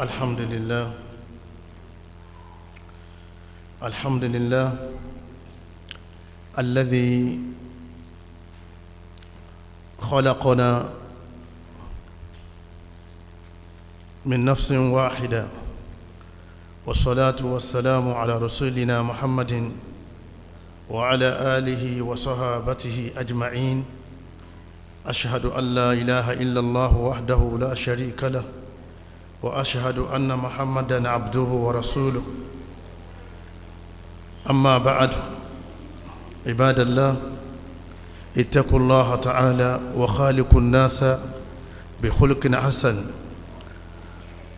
الحمد لله الحمد لله الذي خلقنا من نفس واحدة والصلاة والسلام على رسولنا محمد وعلى آله وصحابته أجمعين أشهد أن لا إله إلا الله وحده لا شريك له واشهد ان محمدا عبده ورسوله اما بعد عباد الله اتقوا الله تعالى وخالق الناس بخلق حسن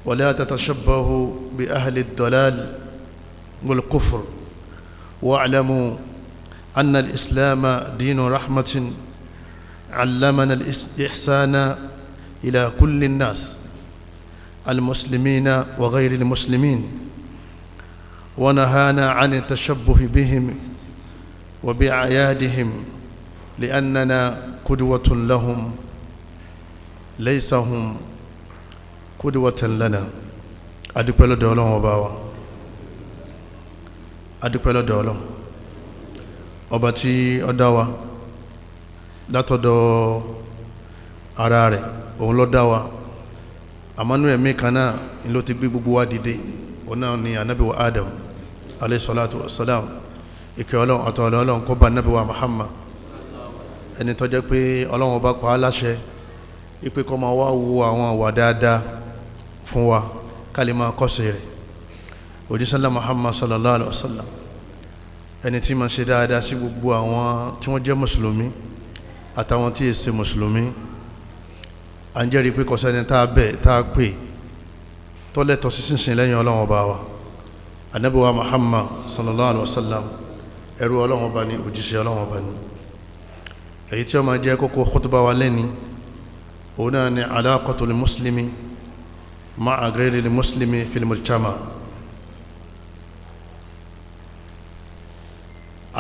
ولا تتشبهوا باهل الضلال والكفر واعلموا ان الاسلام دين رحمه علمنا الاحسان الى كل الناس المسلمين وغير المسلمين ونهانا عن التشبه بهم وبعيادهم لأننا قدوة لهم ليس هم قدوة لنا adúpẹ́ lọ́dọ̀ Ọlọ́run ọba wa adúpẹ́ lọ́dọ̀ Ọlọ́run ọba tí ó dá wa àmánú ẹ̀mí kan náà ni ló ti gbé gbogbo wa dìde òun ni anabi adam alayhi salatu wa salam ìkẹ́ ọlọ́run àti ọlọ́run kó bá anabi muhammad ẹni tó jẹ́ pé ọlọ́run ọba pa á láṣẹ ipe kó máa wá wo àwọn àwà dáadáa fún wa ká máa kọ́sẹ̀ rẹ̀ òjísàlá muhammad sallallahu alayhi wa sallam ẹni tí máa ṣe dáadáa sí gbogbo àwọn tí wọ́n jẹ́ à ń jẹ́rìí pé kọsẹ́ni tá a bẹ̀ tá a pè tọ́lẹ̀tọ̀ sísìn lẹ́yìn ọlọ́run ọba wa ànábì wa muhammad sallallahu alaihi wasallam ẹrú ọlọ́run ọba ni òjíṣẹ́ ọlọ́run ọba ni èyí tí ó máa jẹ́ kókó khutba wa lẹ́ni òun náà ni alaqatul muslimi ma'a ghayril muslimi fil mujtama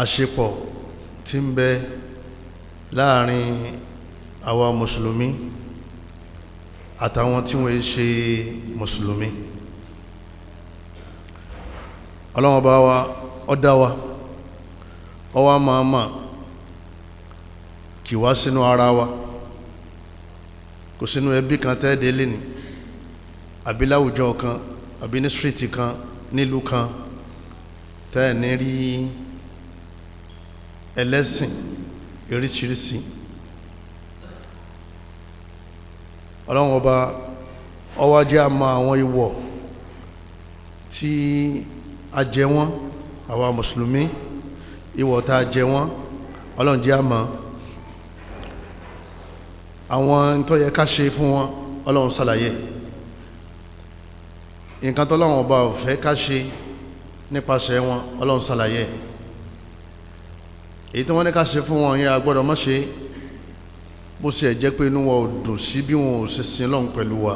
àṣepọ̀ tí ń bẹ láàrin àwa mùsùlùmí àtàwọn tí wọ́n ṣe mùsùlùmí ọlọ́wọ́n bá wa ọdá wa ọwá máa máa kì wá sínú ara wa kò sínú ẹbí kan tẹ́ẹ̀dé lé ní kan àbí ní stíríìtì kan nílùú kan tẹ́ẹ̀ ní rí ẹlẹ́sìn oríṣiríṣi ọlọ́run ọba ọwájẹ́ a mọ àwọn ìwọ̀ tí a jẹ wọ́n àwa mùsùlùmí ìwọ̀ tá a jẹ wọ́n ọlọ́run jẹ́ a mọ̀ àwọn tó yẹ ká ṣe fún wọn ọlọ́run ṣàlàyé nǹkan tó lọ́wọ́n ọba ò fẹ́ ká ṣe nípasẹ̀ wọn ọlọ́run ṣàlàyé èyí tí wọ́n ní ká ṣe fún wọn yẹn a gbọ́dọ̀ má ṣe é bó ṣe jẹ́ pé inú wa ò dùn sí bí wọn ò ṣe sin lọ́n pẹ̀lú wa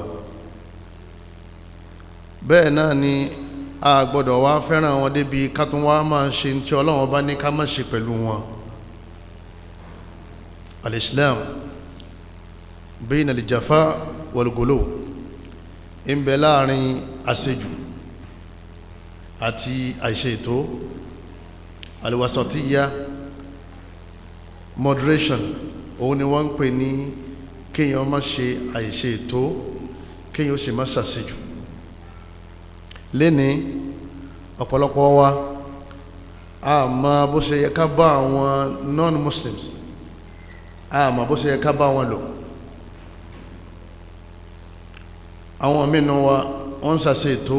bẹ́ẹ̀ náà ni a gbọ́dọ̀ wá fẹ́ràn wọn débi ká tún wá máa ṣe tí Ọlọ́run bá ní ká má ṣe pẹ̀lú wọn al-Islam bayna al-jafa wal ń bẹ láàrin àṣejù àti àìṣe ètò al moderation òun ni wọ́n ń pè ní kéèyàn má ṣe àìṣe ètò kéèyàn sì má ṣàṣejù léni ọ̀pọ̀lọpọ̀ wa àmọ́ bó ṣe yẹ ká bá àwọn non-muslims àmọ́ bó ṣe yẹ ká bá wọn lò àwọn mìíràn wa wọ́n ń ṣàṣe ètò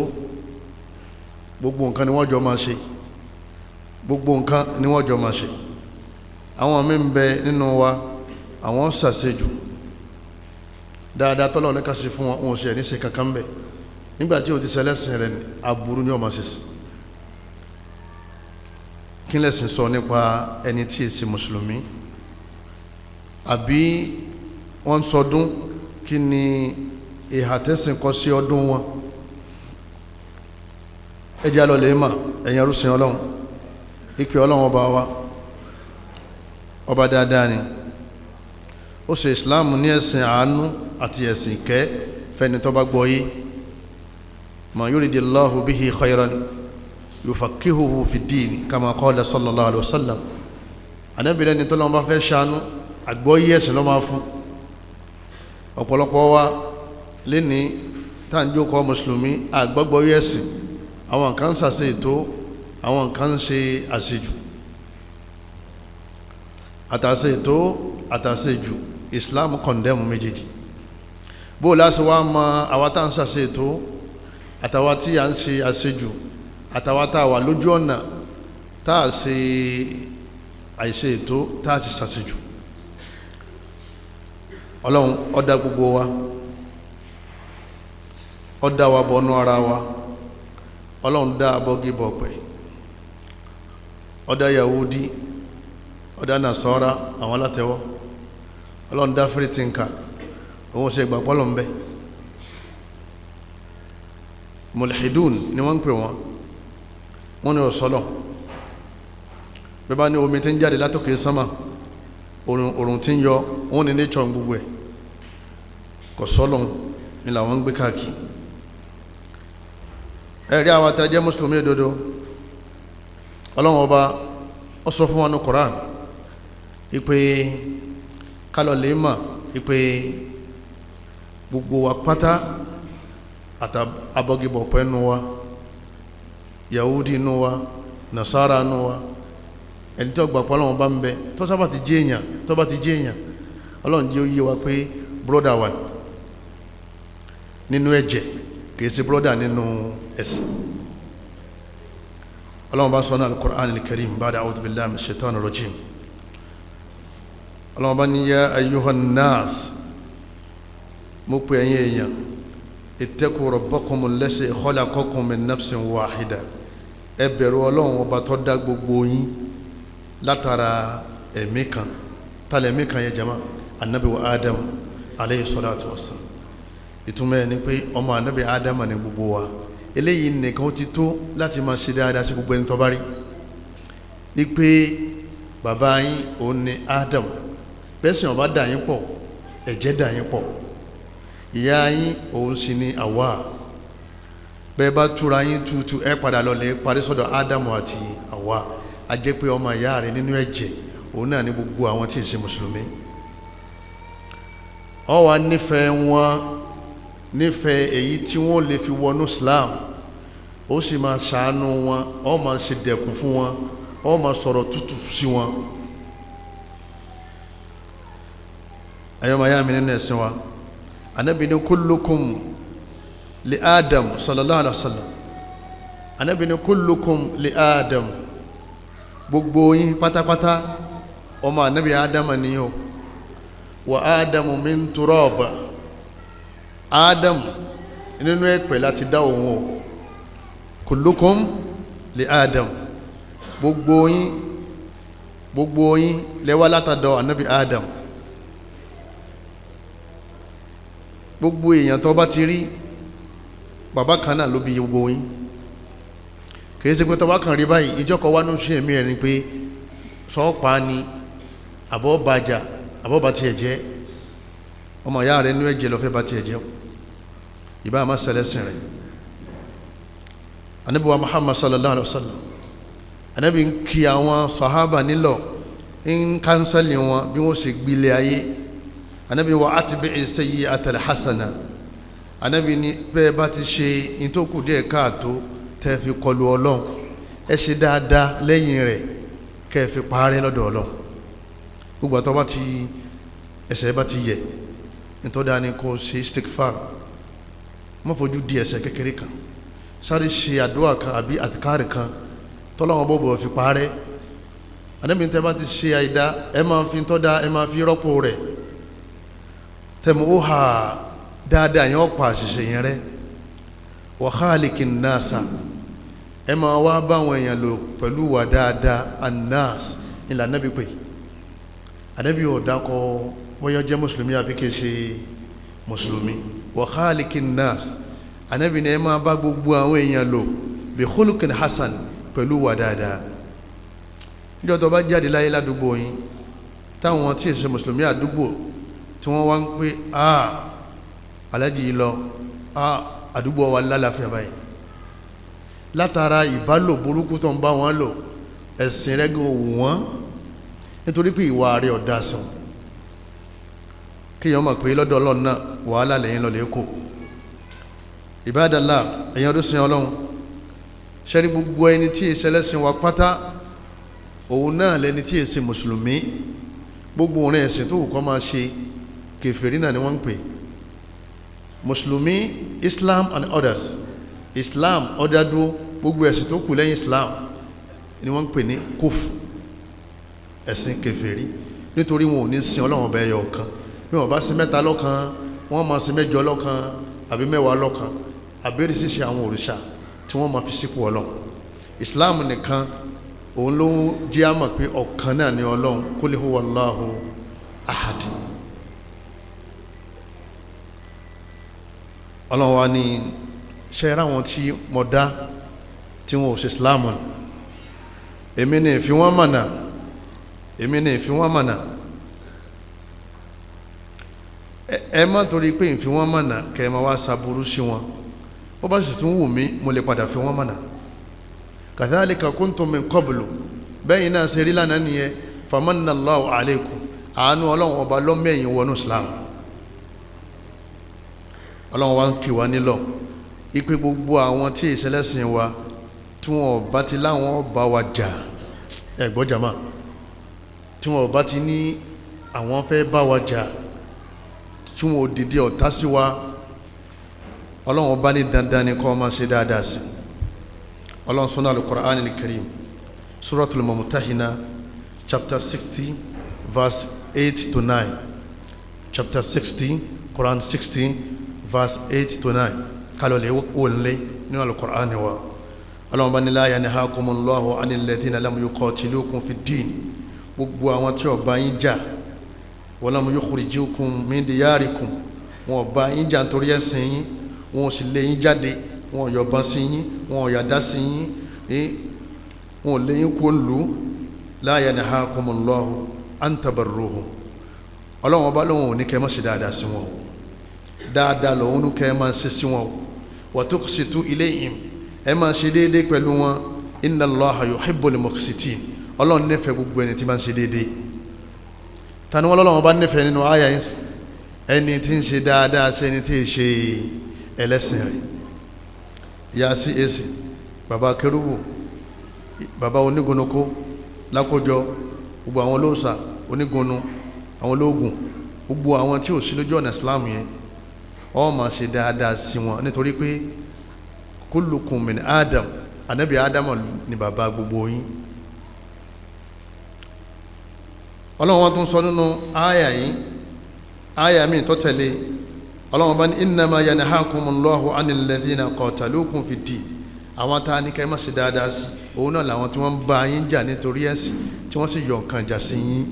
gbogbo nǹkan ni wọ́n jọ máa ṣe gbogbo nǹkan ni wọ́n jọ máa ṣe àwọn mìíràn bẹ nínú wa. No àwọn sàṣejù dáadáa tọ́lọ̀ ní kàṣe fún wọn òun ṣe ní ṣe kankan bẹ̀ nígbà tí o ti sẹlẹ́sìn rẹ̀ aburú ní ọmọ ṣiṣẹ́ kí lẹ́sìn sọ nípa ẹni tí ì ṣe mùsùlùmí àbí wọ́n sọdún kí ni ìhà tẹ́sìn kọ sí ọdún wọn ẹ jẹ́ àlọ́ lè mà ẹ̀yin ọlọ́run ìpè ọlọ́run ọba wa ọba dáadáa ni ó ṣe islam ní ẹ̀sìn àánú àti ẹ̀sìn kẹ́ fẹ́ni tó bá gbọ́ yé ma yuridillahu bihi khayran yufaqihuhu fid-din kama qala sallallahu alayhi wa sallam anábìrẹ́ ni tó lọ́n bá fẹ́ ṣàánú àgbọ́ yé ẹ̀sìn ló máa fún ọ̀pọ̀lọpọ̀ wa lẹ́ni táǹjókòó mùsùlùmí àgbọ́gbọ́ yé ẹ̀sìn àwọn kan ṣàṣe ètò àwọn kan ṣe àṣejù àtàṣe ètò àtàṣe jù islam condemn méjèèjì bó o láti wá mọ àwa tá à ń ṣàṣe ètò àtàwa tí à ń ṣe àṣejù àtàwa tá a wà lójú ọ̀nà tá a ṣe àìṣe ètò tá a ti ṣàṣejù ọlọ́run ọ̀dà gbogbo wa ọ̀dà wa bọ̀ ọ̀nà ara wa ọlọ́run dá abọ́gi bọ̀ pẹ̀ ọ̀dà yahudi ọ̀dà nasara àwọn alátẹ̀wọ́ ọlọ́run dá free thinker òun ṣe ìgbàgbọ́ lọ́n bẹ́ mulhidun ni wọ́n ń pè wọ́n wọ́n ní ọ̀sọ́lọ̀ bí bá ní omi tí ń jáde látòkè sánmà òrùn tí ń yọ wọ́n ní nature gbogbo ẹ̀ kò sọ́lọ̀ ni làwọn ń gbé káàkiri ẹ̀rí àwọn àtàjẹ́ mùsùlùmí òdodo ọlọ́run ọba ó sọ fún wa ní Koran ipe kálọ̀ lè mọ̀ pé gbogbo wa pátá àti abọ́gibọ̀pẹ́ nu wa yahudi nu wa nasara nu wa ẹni tó gbà pọ́ lọ́wọ́ bá ń bẹ tó sábà ti jẹ́ èèyàn tó bá ti jẹ́ èèyàn ọlọ́run jẹ́ oyé wa pé broda wa nínú ẹ̀jẹ̀ kìí ṣe broda nínú ẹ̀sìn ọlọ́run bá sọ ní alukur'an al-karim ba'da a'udhu billahi minash shaitani rajim ọlọ́wọ́n bá ní yá ayyuhan nas mo pè ẹ̀yin èèyàn ittaqu rabbakum allazi khalaqakum min nafsin wahida ẹ bẹ̀rù ọlọ́run ọba tó dá gbogbo yín látara ẹ̀mí kan tálẹ̀ ẹ̀mí kan yẹn jama anabi wa adam aleyhi salatu wassalam ìtumọ̀ ẹ̀ ni pé ọmọ anabi adam ni gbogbo wa eléyìí nìkan ó ti tó láti máa ṣe dáadáa sí gbogbo ẹni tó bá rí ni pé bàbá yín òun ni adam bẹ́sìn ọba dà yín pọ̀ ẹ̀jẹ̀ dà yín pọ̀ ìyá yín òun sì ni àwa bẹ́ẹ̀ bá túra yín tuutu ẹ padà lọlẹ̀ parí sọ́dọ̀ ádámù àti àwa a jẹ́ pé ọmọ ìyá rẹ̀ nínú ẹ̀jẹ̀ òun náà ní gbogbo àwọn tí ì ṣe mùsùlùmí ọ wà nífẹ̀ẹ́ wọn nífẹ̀ẹ́ èyí tí wọ́n lè fi wọnú Islam ó sì máa ṣàánú wọn ọ máa ṣe dẹ̀kun fún wọn ọ máa sọ̀rọ̀ tútù sí wọn. ayọ́mayá mi nínú ẹ̀sìn wa anabi ni kullukum li adam sallallahu alaihi wa sallam anabi ni kullukum li adam gbogbo yín pátápátá ọmọ anabi adam ni o wa adam min turaba adam nínú ẹ̀pẹ̀ láti dá òun o kullukum li adam gbogbo yín gbogbo yín lẹ́wà látàdọ̀ anabi adam. gbogbo èèyàn tó bá ti rí bàbá kan náà ló bí gbogbo yín kì í ṣe pé tọ́wá kan rí báyìí ìjọkọ̀ wá ní oṣù ẹ̀mí ẹ̀ ni pé sọ́ọ̀pá ni àbọ̀ bàjà àbọ̀ tiẹ̀ jẹ́ ọmọ ìyá rẹ̀ nú ẹ̀jẹ̀ lọ́fẹ́ bá tiẹ̀ jẹ́ ìbá àmà sẹlẹ̀sìn rẹ̀ Ànábì Muhammad sallallahu alaihi wa sallam Ànábì ń kí àwọn sàhábà nílọ̀ ń kánsẹ́lì wọn bí wọ́n sì gbilẹ̀ ayé anabi wa atbi'i sayyi'ata al-hasana anabi ni bẹ́ẹ̀ bá ti ṣe ní tó kù díẹ̀ káàtó tẹ́ fi kọlu ọlọ́run ẹ ṣe dáadáa lẹ́yìn rẹ̀ kẹ́ ẹ fi parẹ́ lọ́dọ̀ ọlọ́run gbogbo àtọ́ bá ti ẹsẹ̀ bá ti yẹ nítorí dáa ni kò ṣe istikfar má fojú di ẹsẹ̀ kékeré kan sáré ṣe àdúrà kan àbí àtikárì kan tọ́lọ́wọ́n bọ̀ bọ̀ fi parẹ́ anabi tẹ́ bá ti ṣe àìdá ẹ máa fi tọ́ ẹ máa fi rọ́pò rẹ̀ tẹ̀mú ó hà dáadáa yẹn ó àṣìṣe yẹn rẹ wa khaliqin nasa ẹ máa wá báwọn èèyàn lò pẹ̀lú wà dáadáa anas ìlànà nàbí pé ànábì ò dákọ bóyá jẹ́ mùsùlùmí àbí kìí ṣe mùsùlùmí wa khaliqin nas ànábì ni ẹ máa bá gbogbo àwọn èèyàn lò bi khuluqin hasan pẹ̀lú wà dáadáa níjọ́ jáde láyé ládùúgbò yín táwọn tí ṣe mùsùlùmí àdúgbò tí wọ́n wá ń pé ah, àà alájì lọ àà ah, àdúgbò wa lálàáfíà báyìí látara ìbálò burúkú tó ń bá wọn lò ẹ̀sìn rẹ̀ gan wù wọ́n nítorí pé ìwà rẹ̀ ọ̀dà sùn kíyàn mọ̀ pé lọ́dọ̀ ọlọ́run náà wàhálà lẹ́yìn lọ lẹ́kọ̀ọ́ ìbádàlá ẹ̀yìn ọdún sin ọlọ́run ṣe ní gbogbo ẹni tí ìṣẹlẹ́sìn wa pátá òun náà lẹni tí èsì mùsùlùmí gbogbo òun ẹ̀sìn tó wù kọ́ máa ṣe kèfèrí náà ni wọ́n ń pè mùsùlùmí islam and others islam ọ̀dádó gbogbo ẹ̀sìn tó kù lẹ́yìn islam ni wọ́n ń pè ní kóf ẹ̀sìn kèfèrí nítorí wọn ò ní sin ọlọ́run ọba ẹyọ ọ̀kan bí wọ́n bá sin mẹ́ta lọ́kan wọ́n máa sin mẹ́jọ lọ́kan àbí mẹ́wàá lọ́kan àbẹ́rẹ́ ṣíṣe àwọn òrìṣà tí wọ́n máa fi sípò ọlọ́run islam nìkan òun ló jí àmọ̀ pé ọ̀kan náà ni ọlọ́run kul huwallahu ahad ọlọ́run wa ní ṣe ráwọn tí mo dá tí wọn ò ṣe islamu èmi ní ìfi wọn mọ̀nà èmi ní ìfi wọn mọ̀nà ẹ má torí pé ìfi wọn mọ̀nà kẹ ẹ má wá ṣàbùrú sí wọn ó bá sì tún wù mí mo lè padà fi wọn mọ̀nà kàtàlíkà kuntum min qablu bẹ́yìn náà ṣe rí lánàá nìyẹn famanallahu alaykum àánú ọlọ́run ọba lọ́mẹ́yìn wọnú islam ọlọ́run wa ń kì wá nílọ̀ ipe gbogbo àwọn tí ìṣẹlẹ́sìn wa tí wọn bá ti láwọn bá wa jà ẹ̀gbọ́n jàmá tí wọn bá ti ní àwọn fẹ́ bá wa jà tí wọn ò dìde ọ̀tá sí wa ọlọ́run bá ní dandan ni kọ́ máa ṣe dáadáa sí ọlọ́run sọ́nà al-Qur'an al-Karim suratul Mumtahina chapter sixty verse eight to nine chapter sixty Quran sixteen verse 8 to 9 kálọ̀ lè wò nílé nínú al-Qur'an ni wa ọlọ́run bá ní la yanhakumullahu anil ladhina lam yuqatilukum fid din gbogbo àwọn tí ó bá yín jà wa lam yukhrijukum min diyarikum wọn ò bá yín nítorí ẹ̀sìn yín wọn ò sì lé yín jáde wọn ò yọ̀bọ̀n sí yín wọn ò yàdá sí yín wọn ò lé yín kó lù ú la yanhakumullahu an tabarruhum ọlọ́run ọba lóhùn ò ní kẹ́ mọ́ sí dáadáa sí wọn o dáadáa lọ́wọ́n nù kẹ́ ẹ máa ṣe sí wọn o watuqsitu ilayhim ẹ máa ṣe déédéé pẹ̀lú wọn inna Allaha yuhibbul muqsitin ọlọ́run nífẹ̀ẹ́ gbogbo ẹni tí máa ń ṣe déédéé tani wọn lọ́lọ́run bá nífẹ̀ẹ́ nínú àyà yín ẹni tí ń ṣe dáadáa sí ẹni tí ì ṣe ẹlẹ́sìn rẹ̀ ìyá sí èsì bàbá kérúbù bàbá onígunukó gbogbo àwọn olóòṣà onígunu àwọn olóògùn gbogbo àwọn tí ò sí lójú ọ̀nà Islam yẹn ó máa ṣe dáadáa sí wọn nítorí pé kullukum min adam anabi adam ni bàbá gbogbo yín ọlọ́run wọn tún sọ nínú àyà yìí àyà mi tó tẹ̀lé ọlọ́run bá ní innama yanhakumullahu anil ladhina qatalukum fid-din àwọn tá a ní kẹ́mọ́ sí dáadáa sí òun náà làwọn tí wọ́n ń bá yín jà nítorí ẹ̀sìn tí wọ́n sì yọ̀ nǹkan jà sí yín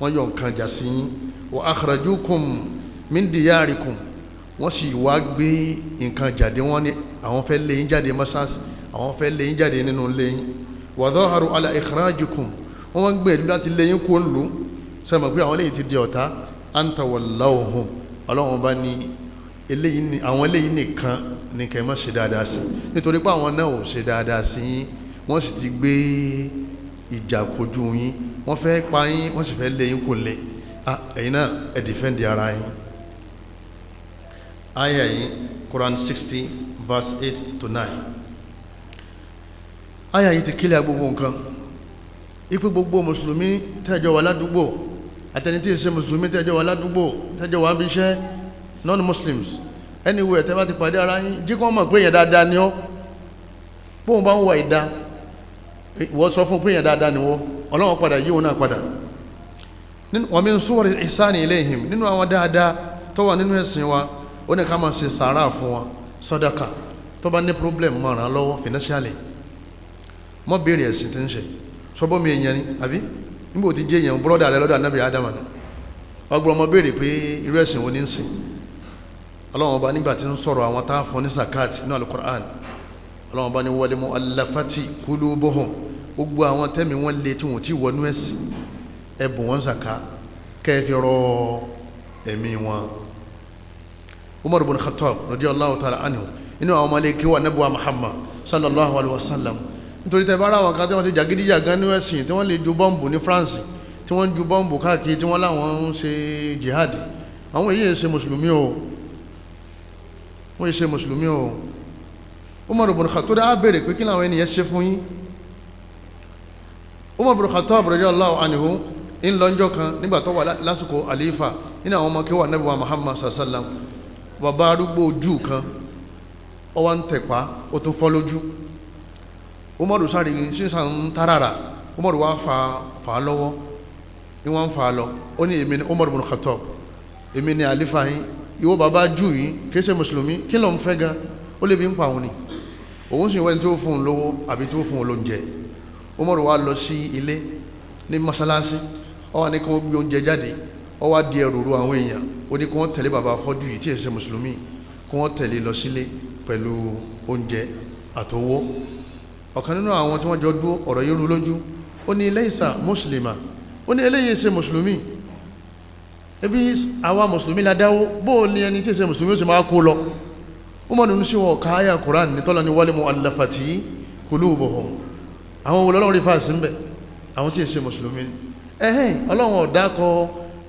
wọ́n yọ̀ nǹkan jà sí yín wa akhrajukum min diyarikum wọ́n sì wá gbé nǹkan jáde wọ́n ní àwọn fẹ́ lé yín jáde mọ́sáàsì àwọn fẹ́ lé yín jáde nínú lé yín wàdọ́hàrú ala ìkàràjùkùn wọ́n wá gbé ìlú láti lé yín kó ń lù ú sọ́mọ̀ pé àwọn eléyìí ti di ọ̀tá anta wallahum ọlọ́run bá ní eléyìí ní àwọn eléyìí nìkan nìkan má ṣe dáadáa sí nítorí pé àwọn náà ò ṣe dáadáa sí yín wọ́n sì ti gbé ìjà kojú yín wọ́n fẹ́ pa yín wọ́n sì fẹ́ lé yín kò lè ah, ẹ̀yin náà ẹ aya yìí Quran 60 verse 8 to 9 aya yìí ti kílẹ̀ gbogbo nǹkan ipé gbogbo mùsùlùmí tẹ́jọ wà ládùúgbò àtẹni tí ì ṣe mùsùlùmí tẹ́jọ wà ládùúgbò tẹ́jọ wà bí non-muslims anywhere tẹ́ bá ti pàdé ara yín jí kọ́ mọ̀ pé èèyàn dáadáa ni ọ́ bóun bá ń wà ìdá wọ́n sọ fún pé èèyàn dáadáa ni wọ́n ọlọ́wọ́n padà yíwọ́n náà padà wọ́n mi ń súwọ́rẹ̀ ìsáni ilayhim nínú àwọn dáadáa tó nínú ẹ̀sìn wa ó ní ká máa ṣe sàárà fún wọn sàdákà tó bá ní problem máa ràn án lọ́wọ́ financially mọ́ béèrè ẹ̀sìn tí ń ṣe sọ́bọ́ mi èèyàn ni àbí níbo ti jẹ́ èèyàn bọ́lọ́dà rẹ lọ́dọ̀ anábìyà ádámà ni ọgbọ́n ọmọ béèrè pé irú ẹ̀sìn wo ní ń sìn ọba nígbà tí ń sọ̀rọ̀ àwọn tá a fún ní zakat ní alukur'an ọlọ́wọ́n ọba ní gbogbo àwọn tẹ́mi wọn lé tí wọn ti wọnú zaka rọ ẹ̀mí wọn umar ibn khattab radiyallahu ta'ala anhu inú àwọn ọmọ lẹ́kẹ́ wà nẹ́bùwà muhammad sallallahu alaihi wasallam nítorí tẹ́ bá ráwọn kan tí wọ́n ti jàgídíjàgan ní ẹ̀sìn tí wọ́n lè ju bọ́ǹbù ní france tí wọ́n ń ju bọ́ǹbù káàkiri tí wọ́n láwọn ń ṣe jihad àwọn èyí ṣe mùsùlùmí o wọ́n ṣe mùsùlùmí o umar ibn khattab á béèrè pé kí làwọn ènìyàn ṣe fún yín umar ibn khattab radiyallahu anhu ńlọ́njọ́ kan nígbà tó wà lásìkò àlífà nínú àwọn ọmọ kí wà nẹ́bùwà muhammad sallallahu alaihi wasallam bàbá arúgbó ojú kan ó wá ń tẹ̀pá ó tún fọ́ lójú umaru sáré sísan tarara umaru wá fà fà á lọ́wọ́ ni wọ́n ń lọ ó ní èmi ni umaru bin khattab èmi ni àlífà yín ìwọ bàbá jù yín kì í ṣe mùsùlùmí kí ló ń fẹ́ gan ó lè bí ń pa òun ni òun sì wẹ́n tó fún un lówó àbí tó fún un lóúnjẹ umaru wá lọ sí ilé ní mọ́sálásí ó wá ní kí wọ́n gbé oúnjẹ jáde ọ wá di ẹrù ru àwọn èèyàn ó ní kí wọ́n tẹ̀lé bàbá afọ́jú yìí tí èsè mùsùlùmí kí wọ́n tẹ̀lé lọ sílé pẹ̀lú oúnjẹ àtowó ọ̀kan nínú àwọn tí wọ́n jọ dúró ọ̀rọ̀ yìí rú lójú ó ní laysa mùsùlùmá ó ní eléyìí ṣe mùsùlùmí ebi àwa mùsùlùmí la dáwó bó o ní ẹni tí èsè mùsùlùmí ó sì máa kó lọ ó mọ̀ nínú sí wọn káyà Qur'an ní tọ́lá ní wal mu'allafati qulubuhum àwọn olólùwọ́n rí fáà sí ń bẹ̀ àwọn tí èsè mùsùlùmí ẹ̀hẹ́n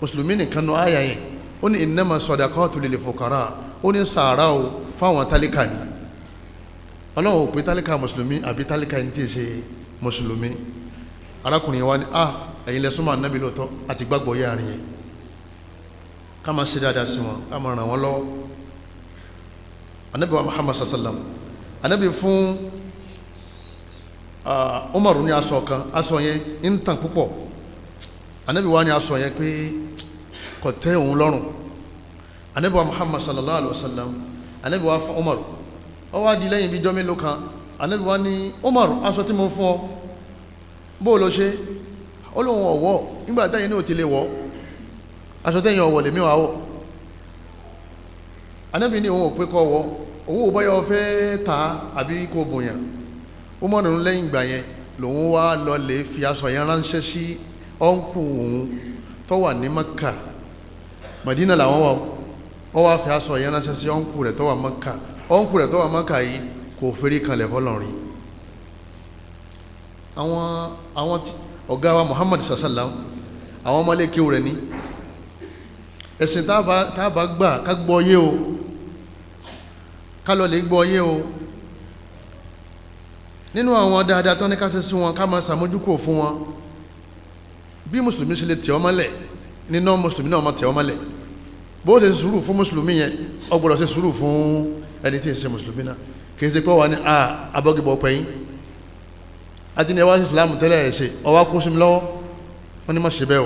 mùsùlùmí nìkan nu àyà yẹn ó ní innama sadaqatu lil fuqara ó ní sàárà o fáwọn tálíkà ni ọlọ́run ò pé tálíkà mùsùlùmí àbí tálíkà ẹni tí ì ṣe mùsùlùmí arákùnrin wa ni ah ẹ̀yin lẹ súnmọ́ ànábì lóòótọ́ àti gbàgbọ́ yá àárín yẹn ká máa ṣe dáadáa sí wọn ká máa ràn wọ́n lọ́wọ́ ànábì wa Muhammad sallam ànábì fún ah, Umaru ní aṣọ kan aṣọ yẹn ń tàn púpọ̀ ànábì wa ní aṣọ yẹn pé tọ̀tẹ́ òun lọ́rùn anabiwa muhammad sallallahu alaihi wa sallam anabiwa fún umar ó wá di lẹ́yìn bíi jọ́ mélòó kan anabiwa ní umar aṣọ tí mo fún ọ bó o lọ ṣe ó lóun ọ̀wọ́ nígbà táyìn náà ti lè wọ́ aṣọ tẹ́yìn ọ̀wọ́ lèmi wà wọ́ anabi ní òun ò pé kọ́ wọ́ òun ò báyọ̀ fẹ́ ta àbí kò bòyàn umar lẹ́yìn ìgbà yẹn lòun wá lọ lè fi aṣọ yẹn ránṣẹ́ sí ọ̀nkù òun tó wà ní maka Madina làwọn wà ó wá fi aṣọ ìyẹn ránṣẹ́ sí ọ̀nkù rẹ̀ tó wà Mẹ́kà ọ̀nkù rẹ̀ tó wà Mẹ́kà yìí kò fèrè kanlẹ̀ fọlọ́rin àwọn àwọn ọ̀gá wa Muhammad sasala, àwọn ọmọlẹ́kẹ́ rẹ̀ ní ẹ̀sìn táàbà gbà ká gbọ́ yé o ká lọ lè gbọ́ yé o nínú àwọn dáadáa tán ní ká ṣe sí wọn ká máa ṣàmójúkò fún wọn bí mùsùlùmí ṣe lè tẹ̀ ọ́ mọ́lẹ̀ ní non mùsùlùmí náà ọmọ tẹ̀ ọmọ lẹ̀ bó ṣe sùúrù fún mùsùlùmí yẹn ó gbọ́dọ̀ ṣe sùúrù fún ẹni tí ń ṣe mùsùlùmí náà kì í ṣe pé wà ní ah, a abọ́gibọ̀ pẹ̀yìn àti ní ẹwà ìsìlámù tẹ́lẹ̀ ẹ̀ ṣe ọwá kó sí mi lọ́wọ́ wọ́n ní má ṣe bẹ́ẹ̀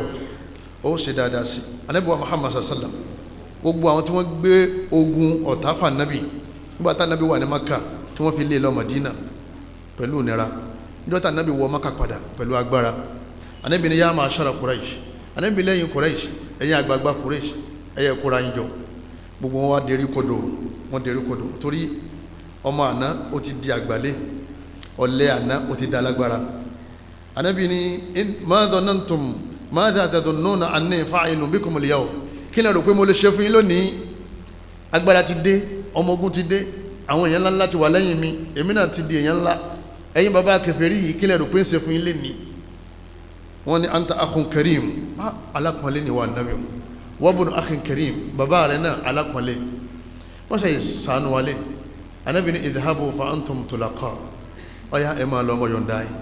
o ó ṣe dáadáa sí anábìwá Muhammad sallam gbogbo àwọn tí wọ́n gbé ogun ọ̀tá fànábì nígbà tá nábì wà ní Maka tí ànábì lẹ́yìn kùrẹ́ṣì ẹ̀yìn àgbààgbà kùrẹ́ṣì ẹ̀yẹ kóra yín jọ gbogbo wọn wa derí kodo, wọn derí kodo. torí ọmọ àná ó ti di àgbàlẹ́ ọ̀lẹ àná ó ti dalágbára ànábì ni máa dọ̀nà ane máa dà dàdùn nùnà àní fáìlù bí kùmùlì yà ó kí lè rò pé mo lè ṣe fún yín lónìí agbára ti dé ọmọ ogun ti dé àwọn èèyàn ńlá ńlá ti wà lẹ́yìn mi èmi náà ti di èèyàn ńlá ẹ̀yin bàbá kèfèrí yìí kí lè rò pé ń ṣe fún yín lénìí wọ́n ní anta akhun karim ah, alákọ̀ọ́lé ni wà nàbí wabunu akhin karim bàbá rẹ̀ náà alákọ̀ọ́lé wọ́n ṣe sànù wálé anábì ní idhabu fa antum tulaqa ọ̀yá ẹ̀ máa lọ́mọ yọ̀ǹda yìí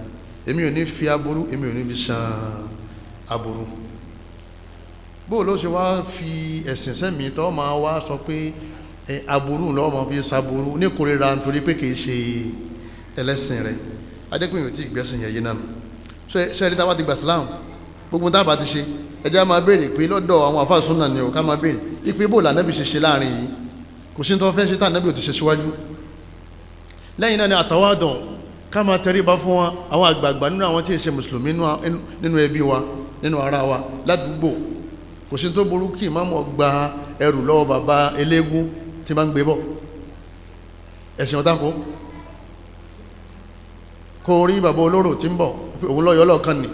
èmi ò ní fi aburú èmi ò ní fi san aburú bóò ló ṣe wá fi ẹ̀sìn sẹ́mi tó máa wá sọ pé aburú lọ́wọ́ máa fi saburú ní kórìíra nítorí pé kì í ṣe ẹlẹ́sìn rẹ̀ adékùnrin ò tí ì gbẹ́sìn yẹn yín náà sẹ́ẹ̀rí tá a bá ti gbà sílámù gbogbo tá a bá ti ṣe ẹjẹ́ a máa béèrè pé lọ́dọ̀ àwọn àfa súnà ni o ká máa béèrè ipe bò lànàbì ṣe ṣe láàrin yìí kò sí ní tí wọ́n fẹ́ ṣe tá ànàbì ò ti ṣe síwájú lẹ́yìn náà ni àtàwádọ̀ ká máa tẹríba fún wa àwọn àgbààgbà nínú àwọn tí ì ṣe mùsùlùmí nínú ẹbí wa nínú ara wa ládùúgbò kò sí tó burú kí ìmáàmù gba ẹrù lọ́wọ́ bàbá eléégún tí máa ń gbé bọ̀ ẹ̀sìn ọ̀tá kó rí bàbá olóró tí ń bọ̀ òun lọ́yọ́ lọ́ọ̀kan ni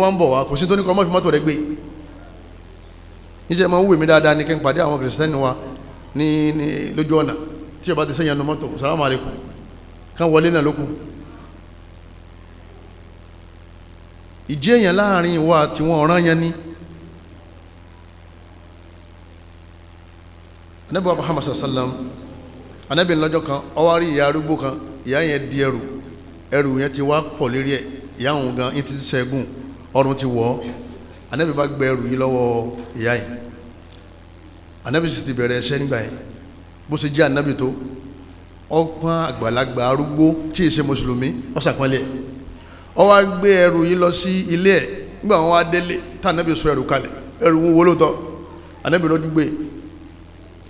wọ́n ń bọ̀ wá kò sí tó ní kọ́ mọ́ fi mọ́tò rẹ gbé níjẹ́ máa ń wù mí dáadáa ní kí n pàdé àwọn kìrìsìtẹ́nì wa ní ní lójú ọ̀nà tí ìjọba ti sẹ́yìn ẹnu mọ́tò sàlámù àlékún kán wọlé náà lókun ìjí èèyàn láàrin ìwà tí wọ́n ọ̀ràn yẹn ní anabi wa muhammad sallam anabi lọ́jọ́ kan ó wá rí ìyá arúgbó kan ìyá yẹn di ẹrù ẹrù yẹn ti wá pọ̀ lérí ẹ̀ ìyá òun gan ní ti ṣẹ́gun ọrùn ti wọ̀ ànábì bá gbé ẹrù yìí lọ́wọ́ ìyá yìí ànábì sì ti bẹ̀rẹ̀ ẹṣẹ́ nígbà yẹn bó ṣe jẹ́ ànábì tó ọpọ́n àgbàlagbà arúgbó tí ì ṣe mùsùlùmí ọ̀sàpọ̀nlẹ̀ ó wá gbé ẹrù yìí lọ sí ilé ẹ̀ nígbà wọn wá délé tá ànábì sọ ẹrù kalẹ̀ ẹrù wọn wọlé tọ́ ànábì lọ́jú gbé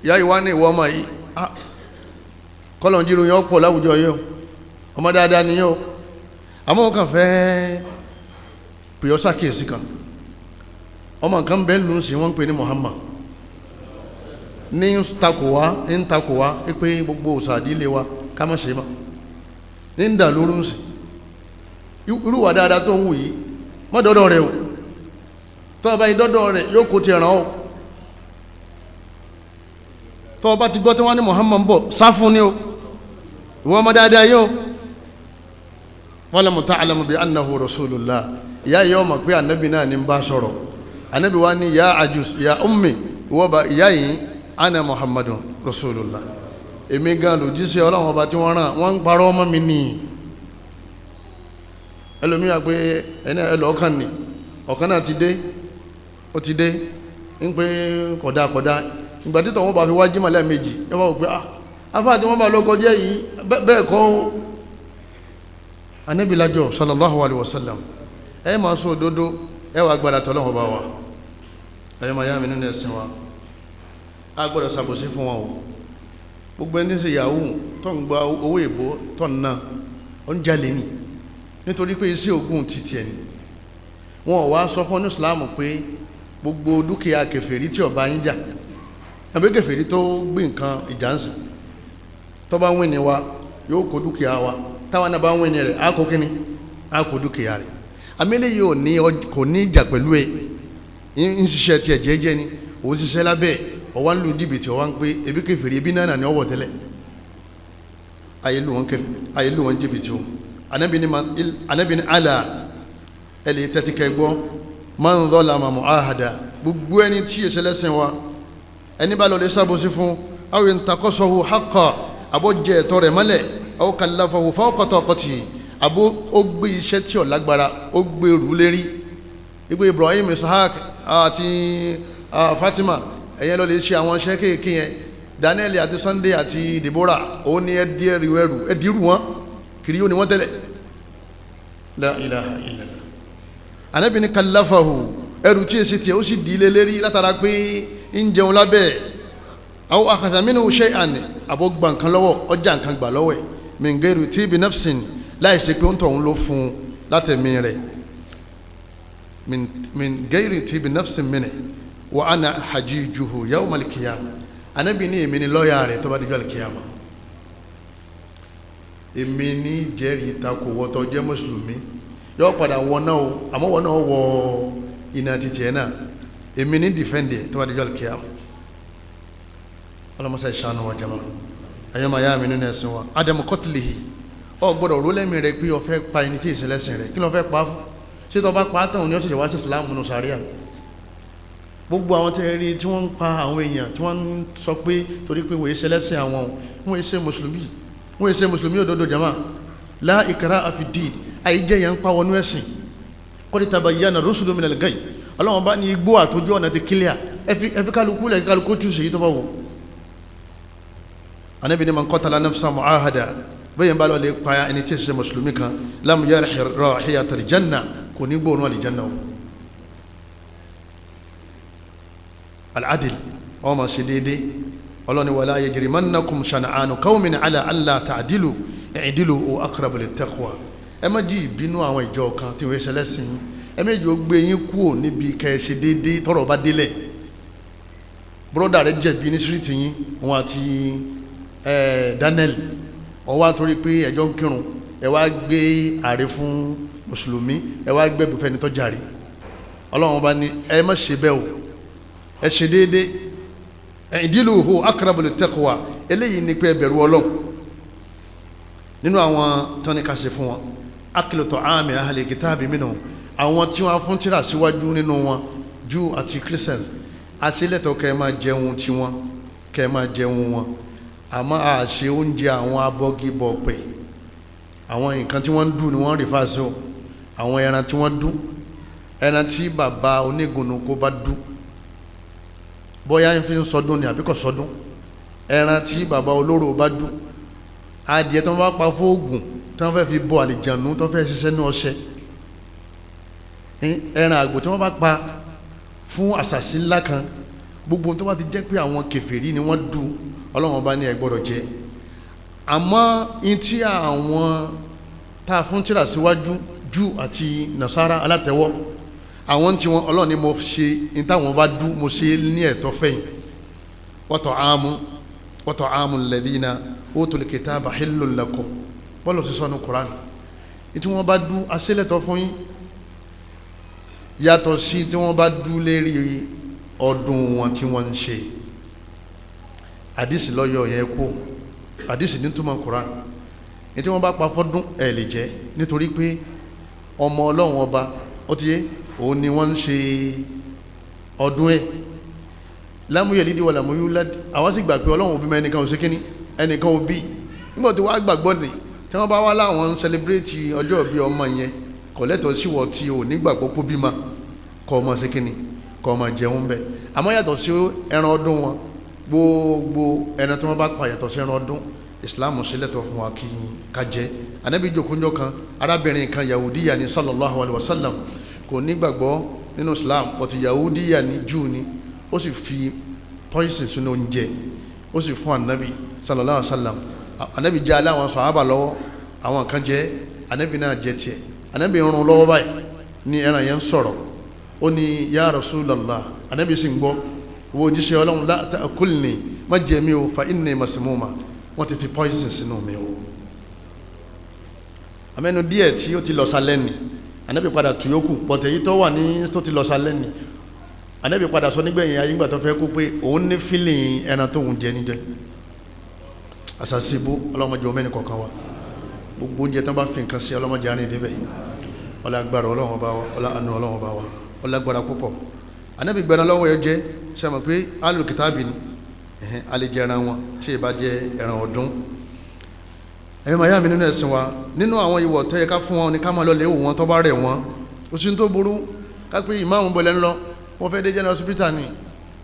ìyá yìí wá ní ìwọ ọmọ yìí ah, kọ́lọ̀ ń jírun yẹn ọ̀pọ̀ láwùjọ yẹn ọmọ dáadáa nìyẹn o àmọ́ wọn kàn fẹ́ pìọ́sà kìí kan ọmọ nǹkan bẹ́ẹ̀ lù ú sí wọ́n ń pè ní Muhammad ní takowa ní takowa pé gbogbo òsàdílé wa ká má ṣe mọ́ ní ń dà lóru ń sì irúwà dáadáa tó ń wù yìí mọ́ dọ́dọ̀ rẹ̀ o tọ́ bá yìí dọ́dọ̀ rẹ̀ yóò kó ti ràn ọ́ tọ́ bá ti gbọ́ tí wọ́n ní Muhammad ń bọ̀ sáfún ni o ìwọ ọmọ dáadáa yìí o wọn lè mọ̀tá alamu bi annahu rasulullah ìyá yìí ọmọ pé anabi náà ní bá sọ̀rọ̀ anabi wa ni ya ajus ya ummi ìwọ ba ìyá yìí ana muhammadu rasulullah èmi gan lòjíṣẹ́ ọlọ́run ọba tí wọ́n rán wọ́n ń parọ́ ọmọ mi ní ẹlòmíà pé ẹni ẹlọ́ọ̀kan ni ọ̀kan náà ti dé ó ti dé ń pé kódà kódà ìgbà títọ̀ wọn bá fi wá jímọ̀ lẹ́ẹ̀mejì ẹ bá wò pé ah afáàtí wọn bá lọ́kọjẹ́ yìí bẹ́ẹ̀ kọ́ anabi lajọ sallallahu alayhi wa sallam ẹ máa sọ òdodo ẹ wà gbára tọ́lọ́wọ́ bá wa ẹ̀yọ́ máa yá mi nínú ẹ̀sìn wa a gbọ́dọ̀ ṣàbòsí fún wọn o gbogbo ẹni sí yahoo tó ń gba owó ìbò tó ń ná ó ń jalè ní nítorí pé iṣẹ́ ogun títí ẹni wọn ò wá sọ fún Islam pé gbogbo dúkìá kèfèrí tí ó yín jà àbí kèfèrí tó gbé nǹkan ìjà ń sìn ni wa yóò kó dúkìá wa táwọn náà bá ń wẹ̀yìn rẹ̀ á kó kíni á kó dúkìá rẹ̀ amílẹ̀ yìí ò ní kò ní ìjà pẹ̀lú ẹ̀ ń ṣiṣẹ́ tiẹ̀ jẹ́jẹ́ ni òun ṣiṣẹ́ lábẹ́ ọ̀wá ń lu jìbìtì ọ̀wá ń pé ebi kẹfìrí ebi náà ní ọwọ́ tẹ́lẹ̀ ayé lu wọn jìbìtì o anabi ni ala ẹ lè tẹ́tí kẹ́ gbọ́ máa ń dọ́là màmú ahada gbogbo ẹni tí ìṣẹ́ lẹ́sìn wa ẹni bá lọ lè sábòsí fún àwọn ìtakọ́sọ̀hù àbọ̀jẹ̀ ẹ̀tọ́ rẹ̀ mọ́lẹ̀ aw kallafahu fawqa taqatihi àbó ó gbé iṣẹ́ tí ò lágbára ó gbé rú lérí ìgbé Ibrahim Ishaq àti Fatima ẹ̀yẹn ló lè ṣe àwọn iṣẹ́ kéèké yẹn Daniel àti Sunday àti Deborah ó ní ẹdí ẹrù ẹrù ẹdí rù wọn kiri yóò ní wọn tẹ́lẹ̀ la ilaha illallah anabi ni kallafahu ẹrù tí èsì tiẹ̀ ó sì dìílé lérí látara pé ń jẹun lábẹ́ àwọn akhadha minhu shay'an àbọ̀ gbàǹkan lọ́wọ́ ọjà nǹkan gbà lọ́wọ́ ẹ̀ mingeru tí ibi nafsin láì ṣe pé ó ń tọ̀ ń lò fún un látẹ̀mí rẹ̀ mingeru tí ibi nafsin mìíràn wa ana hajijuhu yawm al-qiyamah anabi ní èmi ni lọ́ọ̀yà rẹ̀ tó bá dijọ́ al-qiyamah èmi ní jẹ́rìí takò wọ́tọ̀ jẹ́ mùsùlùmí yóò padà wọ náà àmọ́ wọ náà wọ iná títí ẹ̀ náà èmi ní dìfẹ́ǹdì tó bá dijọ́ al-qiyamah ọlọ́mọṣẹ́ ìṣàánú wa jẹ́ mọ́ ayọ́mayá mi nínú ẹ̀sìn wa adamu kọ́tìlìhì ọ gbọ́dọ̀ rólẹ́mì rẹ pé ọfẹ́ pa ẹni tí ìṣẹ̀lẹ̀ sìn rẹ kí ló fẹ́ pa fún ṣé tó bá pa tán ni ó ṣẹ̀ṣẹ̀ wá sí ìsìláàmù nù sàríà gbogbo àwọn tẹ́ rí tí wọ́n ń pa àwọn èèyàn tí wọ́n ń sọ pé torí pé wòye ṣẹlẹ́sìn àwọn wọ́n ṣe mùsùlùmí wọ́n ṣe mùsùlùmí òdodo jama la ìkàrà àfìdí àìjẹ́ yẹn ń pa wọnú ẹ̀sìn kọ́ni tàbá yíyá na rúṣùlù mi nàlẹ́ gàì ọlọ́wọ́n bá ní igbó àtòjú ọ̀nà ti kílíà ẹ̀fi kálukú lẹ̀ kálukú tù sí yìí tó bá wò anabi ni man qatala nafsan mu'ahada bẹ́ẹ̀ bá lọ lè pa ẹni tí ì ṣe mùsùlùmí kan lam yarih rahiyata aljanna kò ní gbóòórùn aljanna o al-adl ó máa ṣe déédéé ọlọ́ni wala yajrimannakum shana'anu qawmin ala alla ta'dilu i'dilu o aqrabu lit-taqwa ẹ má jí ìbínú àwọn ìjọ kan tí wọ́n ṣe lẹ́sìn ẹ méjì ó gbé yín kúò níbi kẹ́ẹ̀ṣe déédéé tọ́rọ̀ bá délẹ̀ bróda rẹ jẹ̀bi ní síríìtì yín òun àti Daniel ọwọ́ àtòrí pé ẹjọ́ ń kírun ẹ wá gbé ààrẹ fún mùsùlùmí ẹ wá gbé ìbùfẹ́ni tó jàre ọlọ́run bá ní ẹ má ṣe bẹ́ẹ̀ o ẹ ṣe déédéé ìdílù hù aqrabu littaqwa eléyìí ni pé ẹ bẹ̀rù ọlọ́run nínú àwọn tán ní ká ṣe fún wọn akilu ta'ami ahli kitabi minhum àwọn tí wọ́n fún tírà síwájú nínú wọn Júù àti Christians àṣìlẹ̀tọ̀ kẹ́ ẹ máa jẹun tiwọn kẹ́ ẹ máa jẹun wọn àmọ́ a ṣe oúnjẹ àwọn abọ́gibọ̀pẹ̀ àwọn nǹkan tí wọ́n ń dùn ni wọ́n rí fáṣọ àwọn ẹran tí wọ́n dùn ẹran tí bàbá onígunnukó bá dùn bóyá ń fi ń sọdún ni àbíkọ̀ sọdún ẹran tí bàbá olóró bá dùn adìẹ tó ń bá pa fóògùn tó ń fẹ́ fi bọ àlìjànú tó ń fẹ́ ṣiṣẹ́ ní ọṣẹ ẹran àgbò tí wọ́n bá pa fún àṣàṣì ńlá kan gbogbo tó bá ti jẹ́ pé àwọn kèfèrí ni wọ́n dùn ọlọ́run bá ní ẹ gbọ́dọ̀ jẹ àmọ́ in tí àwọn tá a fún tíra síwájú jù àti nasara alátẹ̀wọ́ àwọn tí wọn ọlọ́run ni mo ṣe in táwọn bá dùn mo ṣe ní ẹ̀tọ́ fẹ́yìn wọ́tọ̀ àmú wọ́tọ̀ àmú lẹ́dínà ó tó lè kẹta bàhílò lẹ́kọ̀ọ́ bọ́ọ̀lù sísọ ní koran tí wọ́n bá dùn aṣẹ́lẹ̀tọ́ fún yín yàtọ̀ sí tí wọ́n bá dùn lérí ọdún wọn tí wọ́n ń ṣe àdìsí lọ́yọ̀ yẹn kú àdìsí nítumọ̀ Quran ní tí wọ́n bá pa fọ́dún ẹ̀ lè jẹ́ nítorí pé ọmọ ọlọ́run ọba ó ti yé òun ni wọ́n ń ṣe ọdún ẹ̀ lámúyẹ̀ lídìí wà lámúyú ládì àwọn sì gbà pé ọlọ́run òbí mọ ẹnìkan òsèké ní ẹnìkan òbí nígbà tí wọ́n á gbàgbọ́ ni tí wọ́n bá wá láwọn ń sẹlẹ̀bírẹ́tì ọjọ́ ìbí ọmọ yẹn kọ̀lẹ́tọ̀ síwọ̀ tí ò nígbàgbọ́ pọ́bí ma kọ́ ọmọ òsèké ni kọ́ ọmọ jẹun bẹ́ẹ̀ àmọ́ yàtọ̀ sí ẹran ọdún wọn gbogbo ẹran tí wọ́n bá pa yàtọ̀ sí ẹran ọdún islam sílẹ̀ tó fún wa kí ká jẹ anabi jokunjọ kan arábìnrin kan yahudiya ni sallallahu alayhi wa sallam kò nígbàgbọ́ nínú islam ọ̀tí yahudiya ni júù ni ó sì fi poison sínú oúnjẹ ó sì fún anabi sallallahu alayhi wa sallam anabi jẹ aláwọn sàhábà lọ́wọ́ àwọn kan jẹ anabi náà jẹ tiẹ̀ anabi ń rún lọ́wọ́ báyìí ni ẹran yẹn ń sọ̀rọ̀ ó ní ya Rasulallah anábì sì ń gbọ́ wo jíṣẹ́ ọlọ́run la ta'kulni má jẹ mí o fa inni masmuma wọ́n ti fi poison sínú mi o àmẹ́nu díẹ̀ tí ó ti lọ sálẹ́ ni anábì padà tù yókù pọ̀tẹ̀ yìí tó wà ní tó ti lọ sálẹ́ ni anábì padà sọ nígbẹ̀yìn ayé ńgbà tó fẹ́ kú pé òun ní fílìn ẹran tóun jẹ níjẹ àṣàṣìbó ọlọ́mọdé ọmọ ẹni kọ̀ọ̀kan wa gbogbo oúnjẹ tán bá fi nǹkan sí ọlọ́mọdé àárín níbẹ̀ ọlá agbára ọlọ́run ọba wa ọlọ́run ọba wa ọlágbára púpọ̀ anábì gbẹran lọ́wọ́ ẹ jẹ́ ṣe mọ̀ pé alùkìtàbì ni alẹ́jẹ ẹran wọn tí ìbá jẹ ẹran ọdún ẹ̀yin màá yá mi nínú ẹ̀sìn wa nínú àwọn ìwọ̀ tó yẹ ká fún wọn ni ká máa lọ léwu wọn tó bá rẹ̀ wọn oṣù tó burú ká pé ìmáàmù bọ̀lẹ̀ ńlọ wọn fẹ́ dé general hospital ni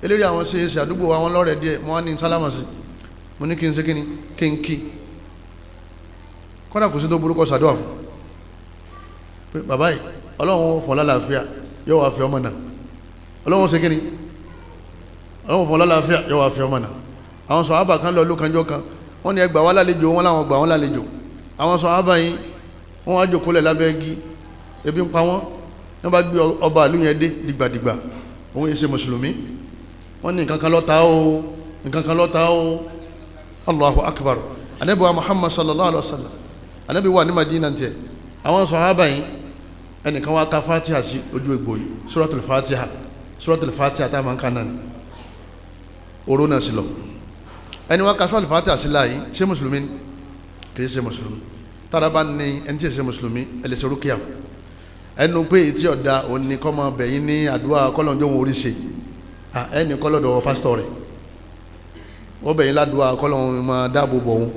eléré àwọn ṣe é ṣe àdúgbò àwọn lọ́rẹ̀ díẹ̀ mo wá ní sálámà sí mo ní kí n ṣe kí ni kí n kí kọ́dà kò sí tó burú kọ́ sàdúrà fún pé bàbá yìí ọlọ́run fọ̀ọ́lá làáfíà yóò wá fi ọmọ náà ọlọ́run ṣe kíni ọlọ́run fún ọlọ́láfíà yóò wá fi ọmọ náà àwọn sọ ábà kan lọ lókanjọ́ kan wọ́n ní ẹgbà wá lálejò wọ́n láwọn gbà wọ́n lálejò àwọn sọ ábà yìí wọ́n wá jòkólẹ̀ lábẹ́ igi ebi ń pa wọ́n wọ́n bá gbé ọba ìlú yẹn dé dìgbàdìgbà òun yìí ṣe mùsùlùmí wọ́n ní nǹkan kan lọ́ta o nǹkan kan lọ́ta o allahu akbar anabi muhammad sallallahu alaihi wa sallam anabi ni madina tiẹ̀ àwọn sọ ábà yìí ẹnìkan wá ka fatiha sí ojú egbò yìí suratul fatiha suratul fatiha tá a máa ń ka náà ni oró náà sí lọ ẹni wá ka suratul fatiha sí láàyè ṣé mùsùlùmí ni kìí ṣe mùsùlùmí tára bá ní ẹni tí ì ṣe mùsùlùmí ẹ lè ṣe rúkìá ẹnu pé ètí ọ̀dà òní kọ́ máa bẹ̀yìn ní àdúrà kọ́lọ́njọ́ wọn orí ṣe ẹni kọ́lọ́dọ̀ pásítọ̀ rẹ̀ wọ́n bẹ̀yìn ládùúgbà kọ́lọ́n máa dáàbò bọ̀ wọn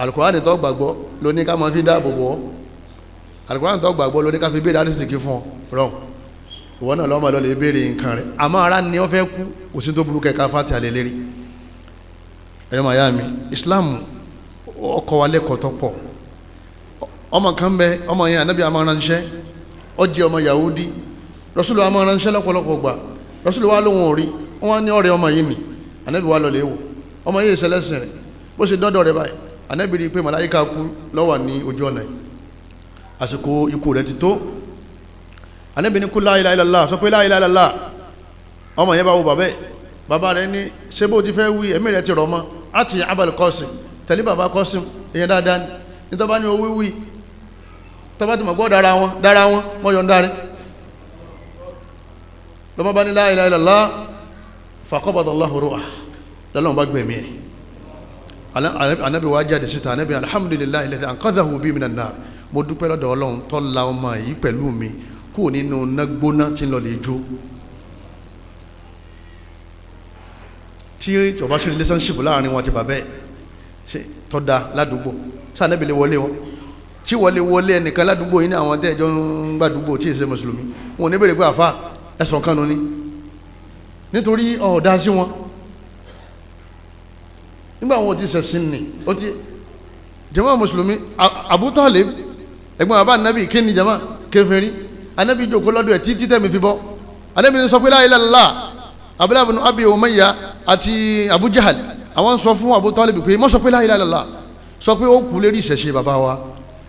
alukurani gbàgbọ́ lóní ká máa fi dáàbò bọ̀ wọn alukoran tó gbàgbọ́ lóní káfí béèrè arísìkí fún ọ rọrùn ìwọ náà lọ́mọ lọ́lẹ̀ béèrè nǹkan rẹ̀ àmọ́ ara ni wọ́n fẹ́ kú òsì tó burú kẹka fati àlelẹ́rí ẹ̀yọ́ màá yá mi Islam ọkọ̀ wa lẹ́kọ̀ọ́ tó pọ̀ ọmọ kan bẹ ọmọ yẹn anabi amaranṣẹ́ ó jẹ́ ọmọ Yahudi Rasulu amaranṣẹ́ lọ́pọ̀lọpọ̀ gbà Rasulu wa lóhun òrí wọn ní ọ̀rẹ́ ọmọ yìí ni anabi wa lọ́lẹ̀ wò ọmọ yìí ṣẹlẹ́sìn rẹ̀ bó ṣe dọ́dọ̀ rẹ̀ báyìí anabi rí i pé màláyíká kú lọ́wọ́ ní ojú ọ̀nà yìí àsìkò ikú rẹ̀ ti tó anábì ní kú la ilaha illallah sọ pé la ilaha illallah ọmọ yẹn bá wo bàbẹ́ bàbá rẹ̀ ní ṣé bó ti fẹ́ wí ẹ̀mí rẹ̀ ti rọ̀ mọ́ àti abal Qasim tẹ̀lé bàbá Qasim ìyẹn dáadáa ní tọ́ba ní owó wí tọ́ba ti mọ̀ dára wọn dára wọn mọ́ yọ̀ lọ́mọ bá ní la ilaha illallah faqabada Allahu wa jáde síta anabi alhamdulillahi alladhi mo dúpẹ́ lọ́dọ̀ ọlọ́run tó la ọmọ yìí pẹ̀lú mi kúrò nínú nágbóná tí ń lọ lè jó tí ìjọba ṣe relationship láàrin wọn àti bàbá ẹ̀ ṣe tọ́da ládùúgbò sànẹ́bìlẹ̀ wọlé wọn tí wọlé wọlé ẹnìkan ládùúgbò yìí ní àwọn tẹ́ẹ̀jọ́ ń gbàdúgbò tí ìṣe mùsùlùmí wọn ò ní bèrè pé àfa ẹ̀sùn kanu ni nítorí ọ̀ọ́dá sí wọn nígbà wọn ti ṣẹ̀sìn ni ó ti jàmá mùsùlùmí Abu ẹ̀gbọ́n bàbá anabi kí ni jama kèfèrí anabi jòkó lọ́dọ̀ ẹ̀ títí tẹ̀mí fi bọ́ anabi sọ pé la ilaha illallah abdullahi bin abi umayya àti abu jahal àwọn sọ fún abu talib pé mọ́ sọ pé la ilaha illallah sọ pé ó kú lérí ìṣẹ̀ṣe bàbá wa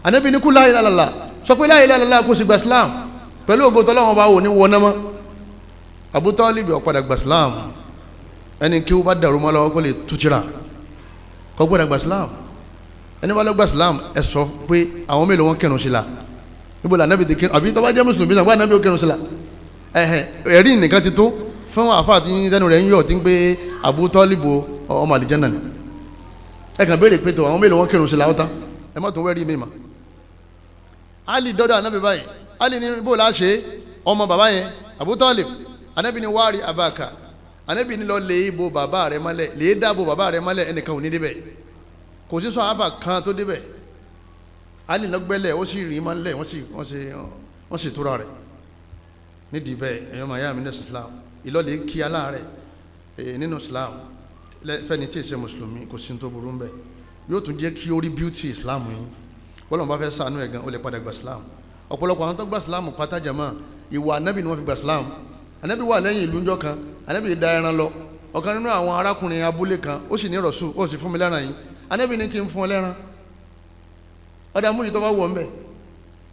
anabi ní kú la ilaha illallah sọ pé la ilaha illallah kó sì gba islam pẹ̀lú ògbó tọ́lọ́wọ́n bá wò ní wọná mọ́ abu talib ó padà gba islam ẹni kí ó bá dàrú mọ́ lọ́wọ́ kó lè tutira kó gbọ́dọ̀ gba islam ẹni bá lọ́gbà Islam ẹ sọ pé àwọn mélòó wọn kẹrùn sí la níbo la anabi ti kẹrùn àbí tọ́ba jẹ́ mùsùlùmí náà wọ́n anabi ò kẹrùn sí la ẹ̀rí nìkan ti tó fún àfa àti dẹnu rẹ̀ ń yọ̀ tí ń pé Abu Tọ́líbù ọmọ àlìjẹ́nà ni ẹ kàn béèrè pé tó àwọn mélòó wọn kẹrùn sí la ọ̀tá ẹ má tó wẹ́rí mi mà Ali dọ́dọ̀ anabi báyìí Ali ní bó la ṣe ọmọ bàbá yẹn Abu anabi ni wárí abaka anabi ni lọ lè kò sí sọ̀hábà kan tó débẹ̀ alì lọ́gbẹ́lẹ̀ ó sì rí máa ń lẹ̀ wọ́n sì wọ́n sì wọ́n sì túra rẹ̀ nídìí bẹ́ẹ̀ ẹ̀yọ́ máa yá mi ní islam ìlọ́lẹ̀ kí aláàárẹ̀ nínú islam fẹ́ni tí ì ṣe mùsùlùmí kò sí tó burú bẹ́ẹ̀ yóò tún jẹ́ kí ó rí beauty islam yìí wọ́n bá fẹ́ sànú ẹ̀ gan ó lè padà gba islam ọ̀pọ̀lọpọ̀ àwọn tó gba islam pátá jàmá ìwà anábì ni wọ́n fi gba islam anábì wà lẹ́yìn ìlú ńjọ́ kan anábì da ẹran lọ ọ̀kan nínú àwọn arákùnrin abúlé kan ó sì ní rọ̀ṣù ó sì fún mi lára yìí anábì ní kí n fún ọ lẹ́ran ọ̀dà mú yìí tó bá wọ̀ ńbẹ̀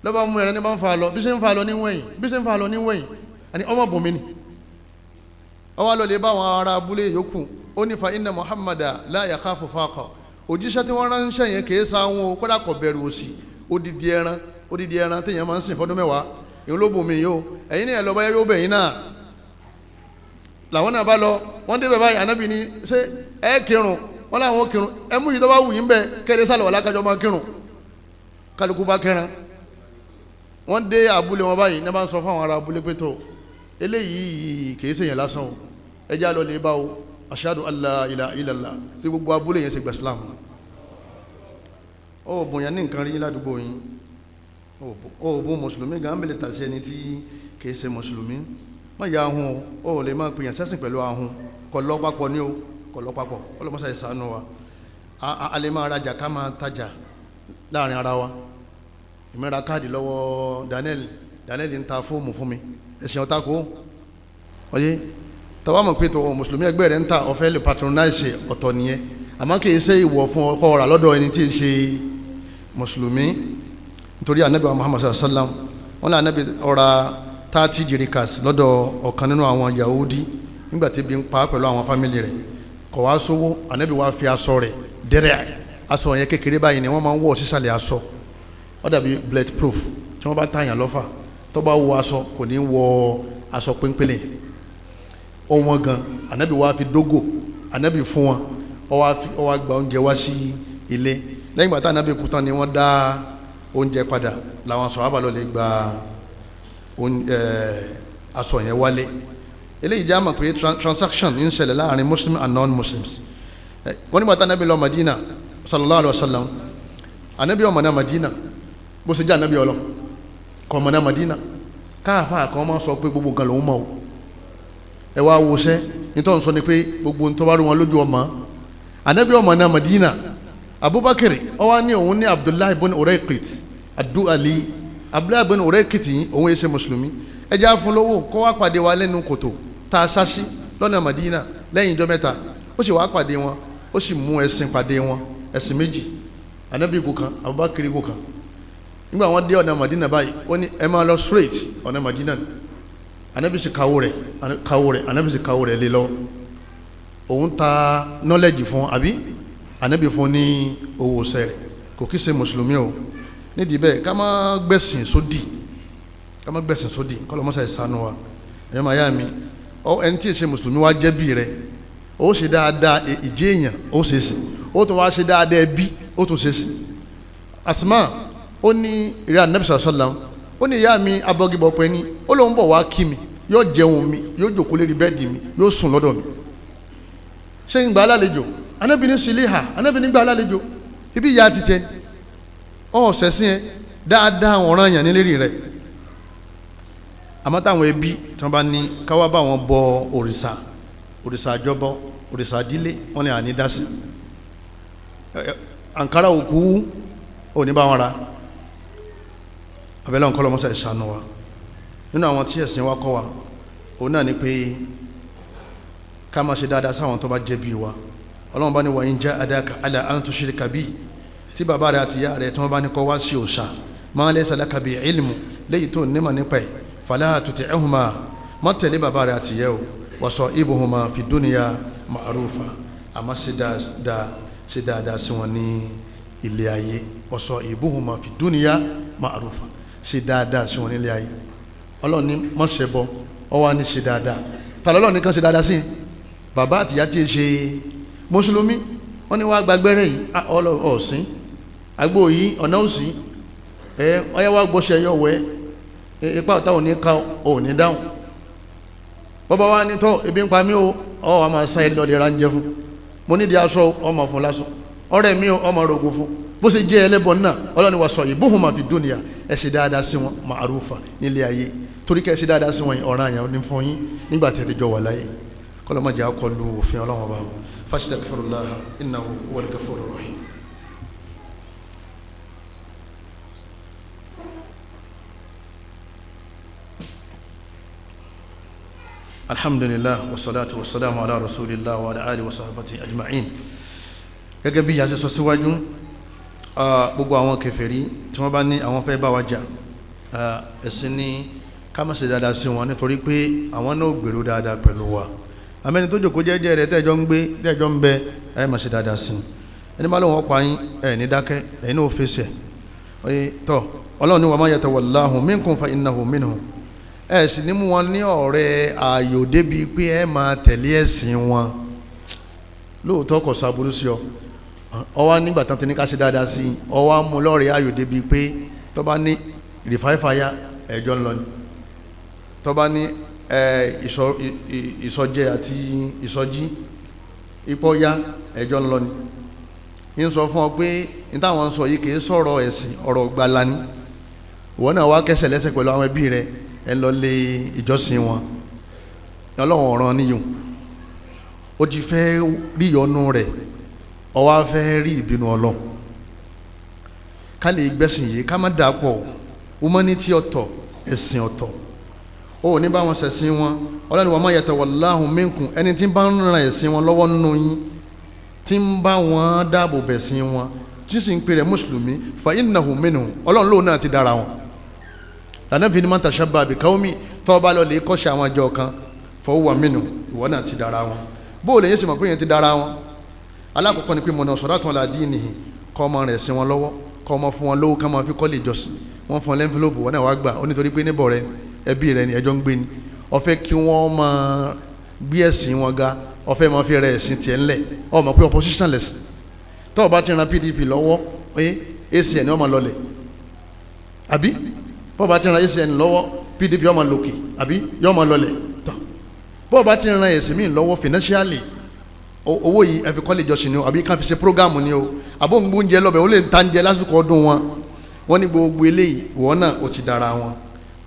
lọ́ba mú ẹran ní bá ń fa lọ bí ṣe ń fa lọ ní wẹ̀yìn bí ṣe ń fa lọ ní wẹ̀yìn àní ọmọ bùnmi ni ọwọ́ lọ bá àwọn ará abúlé yòókù ó ní fa inna muhammada la yakhafu faqa òjíṣẹ́ tí wọ́n ránṣẹ́ yẹn kì í sa wọn o kódà kò bẹ̀rù òṣì odidi ẹran odidi ẹran téèyàn máa ń sìn fọdún mẹ́wàá èyí ló bùnmi yìí o ẹ̀yin náà lọ́ba yóò bẹ̀yìn náà làwọn náà bá lọ wọ́n débẹ̀ báyìí ànábì ni ṣé ẹ kírun wọn làwọn ò kírun ẹ mú yìí tó bá wù yín bẹ kẹrẹ sálọ alákàjọ máa kírun kálukú bá kẹran wọn dé abúlé wọn báyìí ní wọn sọ fún àwọn ará abúlé pé tó eléyìí kì í lásán o ẹ já lè bá o ashadu alla ilaha illallah tí gbogbo abúlé yẹn ṣe gbà islam ó bòyàn ní nǹkan rí ládùúgbò yín ó bó mùsùlùmí gan bẹ̀lẹ̀ tàṣẹ ẹni tí kì í ṣe mùsùlùmí má yà á hun o lè má pèyàn sẹ́sìn pẹ̀lú ahun kọ̀ lọ́ papọ̀ o kò lọ papọ̀ ọlọ́mọṣà ìsànú wa a lè máa rajà ká máa tajà láàrin ara wa ìmẹ́ra káàdì lọ́wọ́ Daniel Daniel ń ta fóòmù fún mi ẹ̀sìn ọ̀tá kó ọyẹ tàwa mọ̀ pé tọwọ́ mùsùlùmí ẹgbẹ́ rẹ̀ ń ta ọ̀fẹ́ lè patronize ọ̀tọ̀ nìyẹn àmọ́ kì í ṣe ìwọ̀ fún ọkọ ọ̀rà lọ́dọ̀ ẹni tí ì ṣe mùsùlùmí nítorí anabi Muhammad sallam wọn ní anabi ọ̀rà thirty jirikas lọ́dọ̀ ọ̀kan nínú àwọn Yahudi nígbà tí bí ń pa pẹ̀lú àwọn fámìlì rẹ̀ kọ̀ wá sówó ànábì wá fi aṣọ rẹ̀ dẹ́rẹ́ aṣọ yẹn kékeré báyìí ni wọ́n máa ń wọ̀ sísàlẹ̀ aṣọ ó dàbí blood proof tí wọ́n bá tààyàn lọ́fà tó bá wọ aṣọ kò ní wọ aṣọ pínpínlẹ̀ ó wọn gan ànábì wá fi dógò ànábì fún wọn ó wá gba oúnjẹ wá sí ilé lẹ́yìn ìgbà tá ànábì kú tán ni wọ́n dá oúnjẹ padà làwọn sọ̀rọ̀ àbálọ̀ lè gba aṣọ yẹn wálé eléyìí já mọ̀ pé transaction ń ṣẹlẹ̀ láàrin muslim and non-muslims wọ́n nígbà tánàbí lọ madina sallallahu alayhi wa sallam anabi ọmọ náà madina bó ṣe jẹ́ anabi ọlọ kọ́ ọmọ náà madina káàfáà kan máa sọ pé gbogbo nǹkan lòún mọ̀ o ẹ wá wo sẹ́ nítorí sọ ni pé gbogbo nítorí wàá rú wọn lójú ọmọ anabi ọmọ náà madina abubakar ọwọ́ ní òun ní abdullahi bin urayqit adu'ali abdullahi bin urayqit yìí òun yẹ ṣe mùsùlùmí ẹjẹ́ àfúnlówó kó wá pàdé wa lẹ́nu kòtò tá a ṣáṣí lọ́nà Madina lẹ́yìn ìjọ mẹ́ta ó sì wá pàdé wọn ó sì mú ẹ̀sìn pàdé wọn ẹ̀sìn méjì anabi kò kan Abubakar kò kan nígbà wọn dé ọ̀nà Madina báyìí ó ní ẹ máa lọ straight ọ̀nà Madina anabi sì kawo rẹ̀ kawo rẹ̀ anabi sì kawo rẹ̀ lé lọ òun ta knowledge fún abi? anabi fún ní owó sẹ́rẹ̀ kò kí ṣe mùsùlùmí o nídìí bẹ́ẹ̀ ká má gbẹ̀sìn sódì. So Kama má gbẹ̀sìn sódì kọ́ lọ́mọ́sá ìsanu wa ẹ̀yọ́ màá yá mi ẹni tí ì ṣe mùsùlùmí wá jẹ́ bí rẹ ó ṣe dáadáa ìjẹ́ èèyàn ó ṣe sí ó tún wá ṣe dáadáa ẹbí ó tún ṣe sí Asma ó ní ìrẹ́ anabi sàlám ó ní ìyá mi abọ́gibọ̀ pẹ́ ní ó lóun bọ̀ wá kí mi yóò jẹun mi yóò jòkó lérí bẹ́ẹ̀dì mi yóò sùn lọ́dọ̀ mi ṣé ń gba alálejò anabi ní siliha anabi ní gba alálejò ibi ìyá ti tẹ ọ̀ ṣẹ̀sìn ẹ dáadáa ọ̀ràn yàn ní lérí rẹ̀ àmọ́ táwọn ẹbí tí wọ́n bá ní káwá bá wọn bọ òrìṣà òrìṣà àjọbọ òrìṣà àdílé wọ́n ní àní dá sí àǹkárá òkú òní bá wọn ra abẹ́lẹ́ ọ̀nkọ́ lọ́mọ́sá ìṣàánú wa nínú àwọn tí ẹ̀sìn wa kọ́ wa òun náà ni pé ká máa ṣe dáadáa sáwọn tó bá jẹ̀bi wa ọlọ́run bá ní wọ́n ń jẹ́ adáka alẹ́ àtúnṣe kàbí tí bàbá rẹ̀ àti ìyá rẹ̀ tí wọ́n bá ní kọ́ wá sí òòṣà máa lẹ́sẹ̀ lákàbí ìlmù léyìí tó nímọ̀ nípa ẹ̀ fàlà àtútì ẹ̀hùnmá má tẹ̀lé bàbá rẹ̀ àti yẹ́ o wọ́n sọ ibùhùnmá fi dúnìyà ma'rufa àmọ́ ṣe dáadáa sí wọn ní ilé ayé wọ́n sọ ibùhùnmá fi dúnìyà ma'rufa ṣe dáadáa sí wọn ní ilé ayé ọlọ́ọ̀ni mọ̀ ṣe bọ́ ọ wá ní ṣe kan ṣe dáadáa sí bàbá àtìyá tí ì ṣe mùsùlùmí wọ́n ní wàá gbàgbẹ́rẹ́ yìí ọ̀sìn àgbò yìí ọ̀nà òsì ẹ̀ ọ̀yá wàá ipa ọ̀tá ò ní ká ò ní dáhùn bọ́bá wa ní tọ́ ebi ń pa mí o ọ wa máa sá ẹni lọ́ọ́ lè ra ń jẹ fún mo ní di aṣọ ọmọ fún lásán ọ̀rẹ́ mi o ọmọ rògùn fún bó ṣe jẹ́ ẹlẹ́bọ náà ọlọ́ni wa sọ yìí bóhùn máa fi dúnìyà ẹ ṣe dáadáa sí wọn màrúfà nílé ayé torí kẹ́ ẹ ṣe dáadáa sí wọn ọ̀ràn àyàn ní fún yín nígbà tẹ́tẹ́ jọ wà láyé kọ́lọ́mọdé akọlù òfin ọlọ́wọ́n bá wọn fastaghfirullah innahu huwal ghafurur rahim. alhamdulillah wasalatu wasalamu ala rasulillah wa ala alihi wa sahbihi ajma'in gẹ́gẹ́ bí yàtọ̀ sọ síwájú gbogbo àwọn kèfèrí tí wọ́n bá ní àwọn fẹ́ bá wa jà ẹ̀sìn ní ká má ṣe dáadáa sí wọn nítorí pé àwọn náà gbèrò dáadáa pẹ̀lú wa àmẹ́ni tó jòkó jẹ́jẹ́ rẹ̀ tẹ́jọ́ ń gbé tẹ́jọ́ ń bẹ ẹ má dáadáa sí ẹni bá lóun ọ̀pá yín ẹ̀ ní dákẹ́ ẹ̀yin náà fèsì ọlọ́run ni wa man yatawallahum minkum fa innahum minhum ẹ sì wọn ní ọ̀rẹ́ ààyò ma pé ẹ máa tẹ̀lé ẹ̀sìn wọn lóòótọ́ sí ọ ọwá nígbà tán ti ní ká ṣe dáadáa sí ọwá mú pé ní rìfáìfáyà ni tó ní ìsọjẹ àti ìsọjí ni ń sọ fún ọ pé ní táwọn sọ yìí kì í sọ̀rọ̀ ẹ̀sìn ọ̀rọ̀ gbala ni ìwọ náà wá kẹsẹ̀ ẹ lọ lé ìjọsìn wọn ọlọ́run ọ̀ràn níyùn ó ti fẹ́ rí ìyọnu rẹ̀ ó wá fẹ́ rí ìbínú ọlọ́run ká lè gbẹ́sìn yìí ká má dà pọ̀ humanity ọ̀tọ̀ ẹ̀sìn ó ní bá wọn ṣẹ̀sìn wọn ẹni tí ń bá ń ran wọn lọ́wọ́ nínú yín tí ń bá wọn dáàbò wọn tí sì ń pè mùsùlùmí fa ti dára lànàfin ni mọ́tà sábà bìkọ́mì tọ́ba lọ lè kọ́ṣẹ́ àwọn àjọ kan fọwọ́ mínú ìwọ náà ti dára wọn bóò lè yẹn sì mọ̀ pé yẹn ti dára wọn alákọ̀ọ́kọ́ ni pé mọ̀nà sọ̀rọ̀ àtàn làdí nìyí kọ́ ọmọ rẹ̀ sí wọn lọ́wọ́ kọ́ ọmọ fún wọn lówó ká máa fi kọ́lé ìjọsìn wọ́n fún ọ wọn náà wá gbà ó pé níbọ̀ rẹ ẹbí rẹ ni ẹjọ́ ń gbé ni ó fẹ́ kí wọ́n máa gbé ẹ̀sìn wọn ga ó fẹ́ máa fi rẹ ẹ̀sìn tiẹ̀ ńlẹ̀ ó mọ̀ pé opposition less tó bá ti ran PDP lọ́wọ́ ẹ ACN ọmọ lọlẹ̀ àbí bọ́ọ̀bá ti ran ẹ̀sìn lọ́wọ́ pdp yọ́ọ́ máa lòkè àbí yọ́ọ́ máa lọlẹ̀ tán bọ́ọ̀bá ti ran ẹ̀sìn míì lọ́wọ́ financially owó yìí ẹ̀fí kọ́lé ìjọsìn ni o àbí káfí ṣe prógáàmù ni o àbó ń gbóúnjẹ lọ́bẹ̀ ó lè ń ta ń jẹ lásìkò ọdún wọn wọ́n ní gbogbo eléyìí wọ́n náà ó ti dára wọn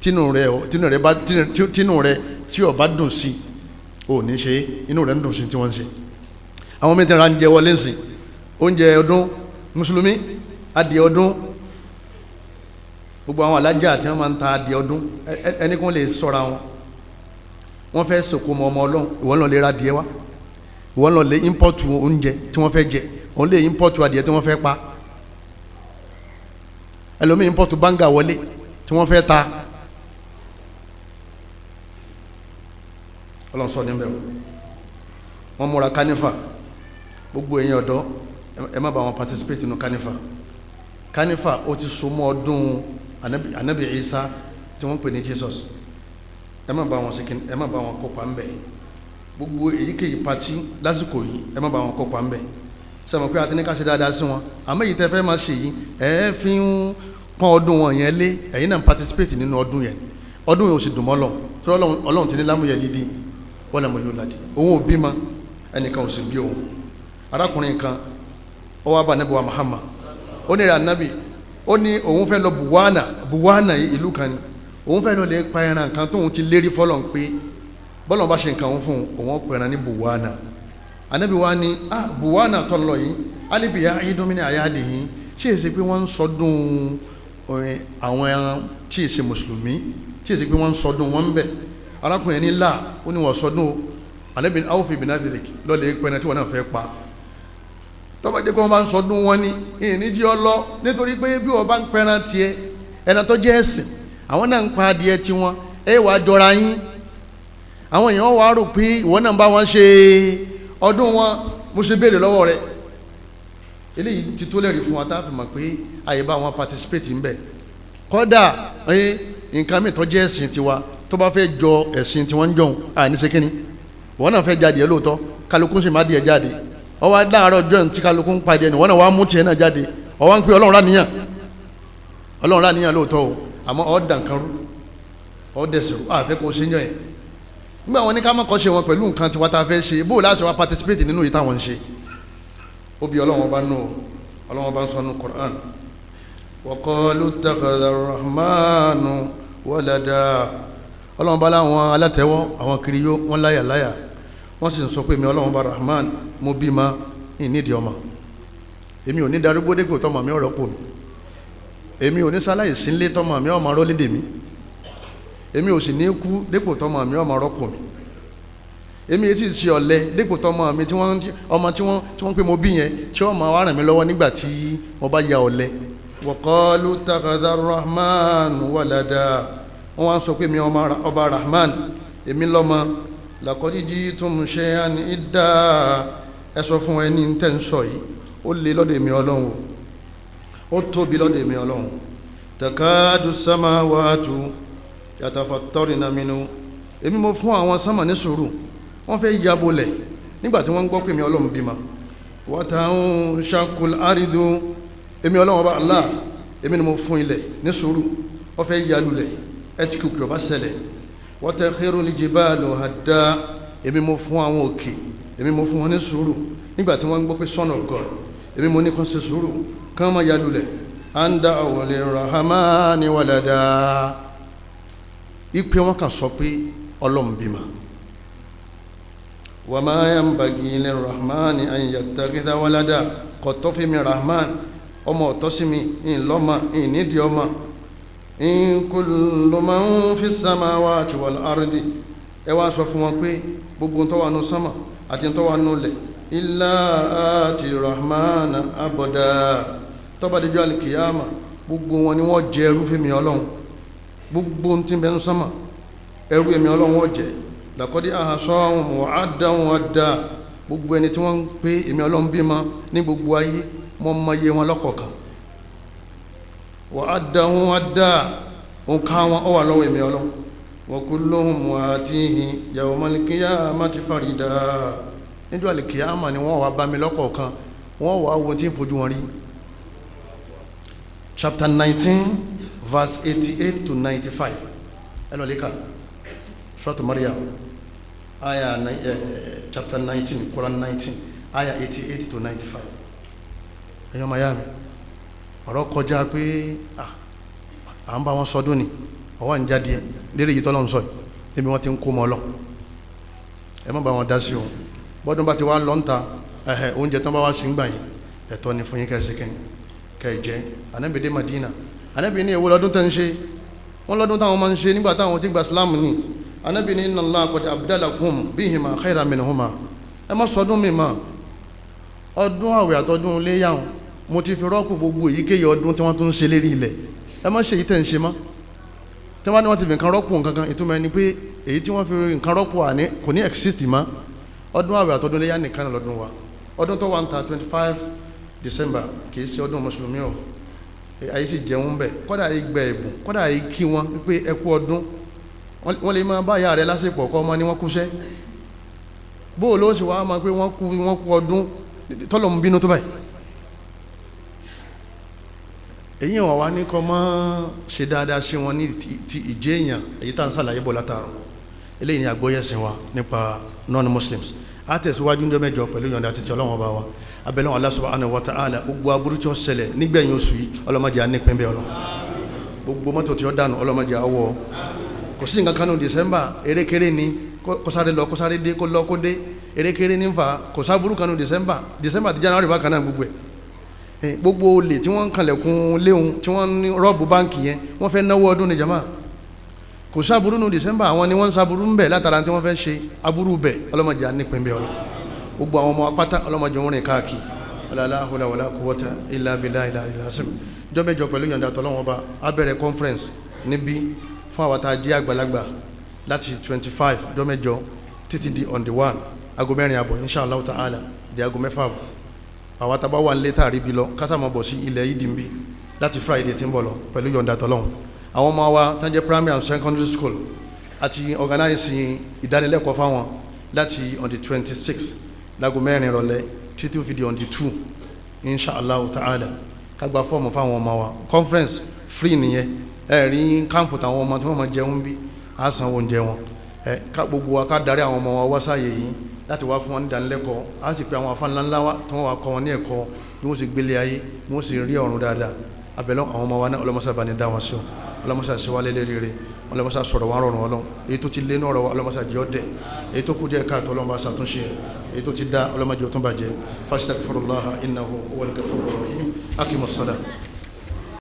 tínú rẹ tínú rẹ bá tínú rẹ tí o bá dùn sí ò ní ṣe inú rẹ ń dùn sí tí wọ́n ń ṣe àwọn mẹ́tẹ̀ẹ̀ra ń jẹ wọlé ń sìn oúnjẹ ọdún mùsùlùmí adìẹ ọdún gbogbo àwọn alájà tí wọ́n máa ń ta adìẹ ọdún ẹni kún lè sọ́ra wọn wọ́n fẹ́ sòkò mọ ọmọ ọlọ́run ìwọ́n lọ lè ra adìẹ wá ìwọ́n lọ lè ímpọ́tù oúnjẹ tí wọ́n fẹ́ jẹ òun lè ímpọ́tù adìẹ tí wọ́n fẹ́ pa ẹlòmíì ímpọ́tù báńgà wọlé tí wọ́n fẹ́ ta ọlọ́run sọ níbẹ̀ wọ́n múra kánífà gbogbo ẹ̀yin ọ̀dọ́ ẹ má bá wọn participate nínú kánífà kánífà ó ti so mọ́ ọdún anabi isa tí wọ́n pè ní jesus ẹ má bá wọn sikin ẹ má bá wọn kópa ń bẹ̀ gbogbo èyíkéyìí pati lásìkò yìí ẹ má bá wọn kópa ń bẹ̀ sọmọ pé àti ní ká ṣe dáadáa sí wọn àmọ́ èyí tẹ́ fẹ́ máa ṣe yìí ẹ fi ń pọ́n ọdún wọn yẹn lé ẹ̀yin náà participate nínú ọdún yẹn ọdún yẹn ò sì dùn mọ́ lọ tí ọlọ́run ti ní lámúyẹ dídí wọ́n làmú yóò ládì òun ò bímọ ẹnìkan ò sì bí òun arákùnrin kan ó wá bá níbo wa Muhammad ó ní ìrà ó ní òun fẹ́ lọ buwana buwana ìlú kan ni òun fẹ́ lọ lè pa ẹran kan tóun ti lérí fọlọ́n pé bọ́lọ̀ bá ṣe nǹkan òun fún òun pè ẹran ní buwana anabi wa ni ah buwana tọ́ lọ yìí alibiya ayédọ́mínì ayáde yìí ṣé èsì pé wọ́n ń sọdún eh, àwọn ẹran tí èsì mùsùlùmí tí èsì pé wọ́n ń sọdún wọn bẹ̀ arákùnrin ní là ó ní wọ́n sọdún anabi awfi bin adirik lọ́ọ́ lè pẹ́ẹ́nà tí wọ́n náà fẹ́ pa tọ́ba jẹ́ pé wọ́n bá ń sọdún wọn ni ìníjí ọlọ nítorí pé bí wọ́n bá ń pẹran tiẹ̀ ẹran tó jẹ́ ẹ̀sìn àwọn náà ń pa adìẹ tiwọn ẹ wàá jọra yín àwọn èèyàn wàá rò pé ìwọ náà bá wọn ṣe ọdún wọn mo ṣe béèrè lọ́wọ́ rẹ eléyìí ti tó lẹ́rìí fún wa tá a fi mọ̀ pé àyè bá wọn participate ń bẹ̀ kọ́dà nǹkan mìíràn tó jẹ́ ẹ̀sìn tiwa tó bá fẹ́ jọ ẹ̀sìn tiwọn ń jọun àní ṣe kínní ìwọ náà fẹ́ jáde ẹ lóòótọ́ kálukú sì má díẹ̀ jáde ọwọ́ adáàárọ̀ ọjọ́ ní tí kálukú ń pàdé ẹni wọ́n náà wàá mú tiẹ̀ náà jáde ọwọ́ ń pè ọlọ́run ráníyàn ọlọ́run ráníyàn lóòótọ́ o àmọ́ ọ̀ dànkanrú ọ̀ dẹ̀sẹ̀rú àfẹ́ kò sí yàn ẹ̀ nígbà wọn ní ká má kọ́ ṣe wọn pẹ̀lú nǹkan tiwa ta fẹ́ ṣe bó o láṣẹ participate nínú yìí táwọn ń ṣe ó bí ọlọ́run ọba nù ọlọ́run ọba ń sọ nù Qur'an wa qalu ittakhadha ar-rahmanu walada ọlọ́run ọba wọ́n sì sọ pé mi ọlọ́run bá rahman mo bí ma ìnídìí ọmọ èmi ò ní darúgbó dégbò tọmọ mi ọ̀rọ̀ pò mí èmi ò ní sáláì sínlé tọmọ mi ọmọ ọ̀rọ̀ lédè mi èmi ò sì ní kú dégbò tọmọ mi ọmọ ọ̀rọ̀ pò mí èmi etí ti ọ̀lẹ dípò tọmọ mi tí wọ́n ọmọ tí wọ́n tí wọ́n pé mo bí yẹn tí ọmọ wa ràn mí lọ́wọ́ nígbà tí mo bá ya ọ̀lẹ. wọ́kọ́lù takada rahman wàlàdà wọ́n wá sọ pé mi ọba rahman èmi lọ́mọ làkọ́dí jí tún ṣe hàn ní dá ẹ sọ fún ẹni tẹ́ ń sọ yìí ó lé lọ́dọ̀ mi ọlọ́run ó tóbi lọ́dọ̀ mi ọlọ́run takadu samawatu yatafattarina minhu èmi mo fún àwọn sámà ní sùúrù wọ́n fẹ́ yabolẹ̀ nígbà tí wọ́n ń gbọ́ pé mi ọlọ́run bímọ wàtàún ṣakul àrídò èmi ọlọ́run ọba Allah èmi ni mo fún ilẹ̀ ní sùúrù wọ́n fẹ́ yalulẹ̀ ẹtíkù kí ọba ṣẹlẹ̀ watakhirul jibalu hadda èmi mo fún àwọn òkè èmi mo fún wọn ní sùúrù nígbà tí wọ́n ń gbọ́ pé son of God èmi mo ní kàn ṣe sùúrù kàn máa ya lulẹ̀ anda awole rahamani walada ipe wọn kàn sọ pé ọlọ́run bímọ wàmà yambagi lè rahmani ayatagida walada kọtọfimi rahman ọmọ ọtọsimi ìlọmọ ìnídìí ọmọ in kullu man fi samawati wal ardi ẹ wá sọ fún wọn pé gbogbo tó wà nù sánmà àti tó wà nù lẹ̀ illa ati rahman abada tó bá di ọjọ́ alikiyama gbogbo wọn ni wọ́n jẹ ẹrú fèmí ọlọ́run gbogbo tí ń bẹ nù sánmà ẹrú èmi ọlọ́run wọ́n jẹ làkọ́dí àhàsọ́ àwọn ọmọ àdáhùn àdá gbogbo ẹni tí wọ́n ń pé èmi ọlọ́run bímọ ní gbogbo ayé mọ́ mọ́ iye wọn lọ́kọ̀ọ̀kan wa adahun adá òǹkà wọn ó wà lọ́wọ́ èmi ọlọ́run wa kulluhum atihi yawmal qiyamati farida níjọ́ àlìkìyàmà ni wọ́n wà bá mi lọ́kọ̀ọ̀kan wọ́n wà tí ń fojú wọn rí chapter nineteen verse eighty eight to ninety five ẹ lọ eh, chapter nineteen Quran nineteen aya eighty eight to ọ̀rọ̀ kọjá pé à ń bá wọn sọdún ni ọwọ́ ń jáde lérí yìí tọ́lọ́run sọ níbi wọ́n ti ń kó mọ́ lọ ẹ má bá wọn dá sí o bọ́dún bá ti wá lọ́ńta ẹ̀hẹ̀ oúnjẹ tán bá wá sí ń gbà yín ẹ̀tọ́ ni fún yín kẹ́sì kẹ́yìn kẹ́ẹ̀jẹ́ anábì Madina anábì ní èwo lọ́dún tẹ́ ń ṣe wọ́n lọ́dún táwọn máa ń ṣe nígbà táwọn ti gba Islam ni anábì ní inna Allah qad abdalakum bihima khayran minhuma ẹ má sọdún mi mà ọdún àwẹ̀ àtọdún léyàwó mo ti fi rọ́pò gbogbo èyíkéyìí ọdún tí wọ́n tún ń ṣe lérí ilẹ̀ ẹ má ṣe èyí tẹ̀ ń ṣe mọ́ tí wọ́n bá ní wọ́n ti fi nǹkan rọ́pò nǹkan ìtumọ̀ ẹni pé èyí tí wọ́n fi nǹkan rọ́pò àní kò ní exist mọ́ ọdún àwẹ̀ àtọdún léyà nìkan náà lọ́dún wa ọdún tó wà ń ta twenty five december kì í ṣe ọdún mùsùlùmí o àyè sì jẹun bẹ̀ kọ́dà yìí gbẹ ẹ̀bùn kọ́dà yìí kí wọn pé ẹ kú ọdún wọ́n lè máa bá ìyá rẹ lásìkò ọkọ ọmọ ni wọ́n kúṣẹ́ bóòlù ó sì wá máa pé wọ́n kú ọdún tọ́lọ̀ ń bínú tó báyìí èyí wọn wá ní kọ́ mọ́ ṣe dáadáa sí wọn ní ti ìjẹ́ èèyàn èyí tá à ń sàlàyé bọ̀ látàrọ̀ eléyìí ni àgbóyẹ̀sìn wa nípa non-muslims a tẹ̀síwájú ní ọmọdé pẹ̀lú ìyọ̀nda àti ti ọlọ́wọ́n bá wa abẹ́lẹ́ Allah subhanahu wa ta'ala gbogbo aburú tí ó ṣẹlẹ̀ nígbẹ̀yìn oṣù yìí ọlọ́mọdé anípín bẹ́ẹ̀ lọ gbogbo mọ́tò tí ó dànù ọlọ́mọdé awọ December erékeré ni kó sáré lọ kó sáré dé December December àti January bá kan Eh, gbogbo olè tí wọ́n ń kalẹ̀kùn léhun tí wọ́n ń rọ́ọ̀bù báǹkì yẹn wọ́n fẹ́ náwó ọdún ní jama kò sáburú nu december àwọn ni wọ́n ń sáburú ń bẹ̀ látara tí wọ́n fẹ́ ṣe aburú bẹ̀ ọlọ́mọdé anípin bẹ́ẹ̀ ọlọ́ gbogbo àwọn ọmọ apáta ọlọ́mọdé wọn rìn káàkiri ọlọ́láhùlà wọlá kúwọ́tà ilà abilà ilà ìlàsìm jọ́mẹ́jọ pẹ̀lú yọ̀ǹda tọ́lọ́wọ́n bá abẹ́rẹ́ conference níbí fún àwọn tá a jẹ́ àgbàlagbà láti twenty five jọ́mẹ́jọ títí di on the one aago mẹ́rin àbọ̀ inshallah ta'ala di aago mẹ́fà àbọ̀ àwọn atábá wà nílé tààrí bi lọ kásá máa bọ̀ sí ilẹ̀ yìí dìbí láti friday tí ń bọ̀ lọ pẹ̀lú yọ̀ǹda tọ́lọ́hún àwọn ọmọ wa tán jẹ́ primary and secondary school àti organize ìdánilẹ́kọ̀ọ́ fáwọn láti on the twenty six láago mẹ́rin rọ̀lẹ́ títí ó fi di on the two inshallah ta'ala ká gba fọ́ọ̀mù fáwọn ọmọ wa conference free nìyẹn ẹ rí káàmpù táwọn ọmọ tí wọ́n máa jẹun bí àásán oúnjẹ wọn ẹ ká gbogbo wa ká darí àwọn ọmọ wa wá yìí láti wá fún wọn ní ìdánilẹ́kọ̀ọ́ á sì pé àwọn afánlá ńlá wa tí wọ́n wá kọ́ wọn ní ẹ̀kọ́ bí wọ́n sì gbélé ayé bí wọ́n sì rí ọ̀run dáadáa abẹ́lẹ́ àwọn ọmọ wa náà ọlọ́mọṣà bá dá wọn sí o ọlọ́mọṣà sí wa lélẹ́ rere ọlọ́mọṣà sọ̀rọ̀ wọn rọrùn ọlọ́run èyí tó ti lé náà rọ wa ọlọ́mọṣà jẹ́ ọdẹ èyí tó kú díẹ̀ káàtó ọlọ́mọba ṣàtúnṣe èyí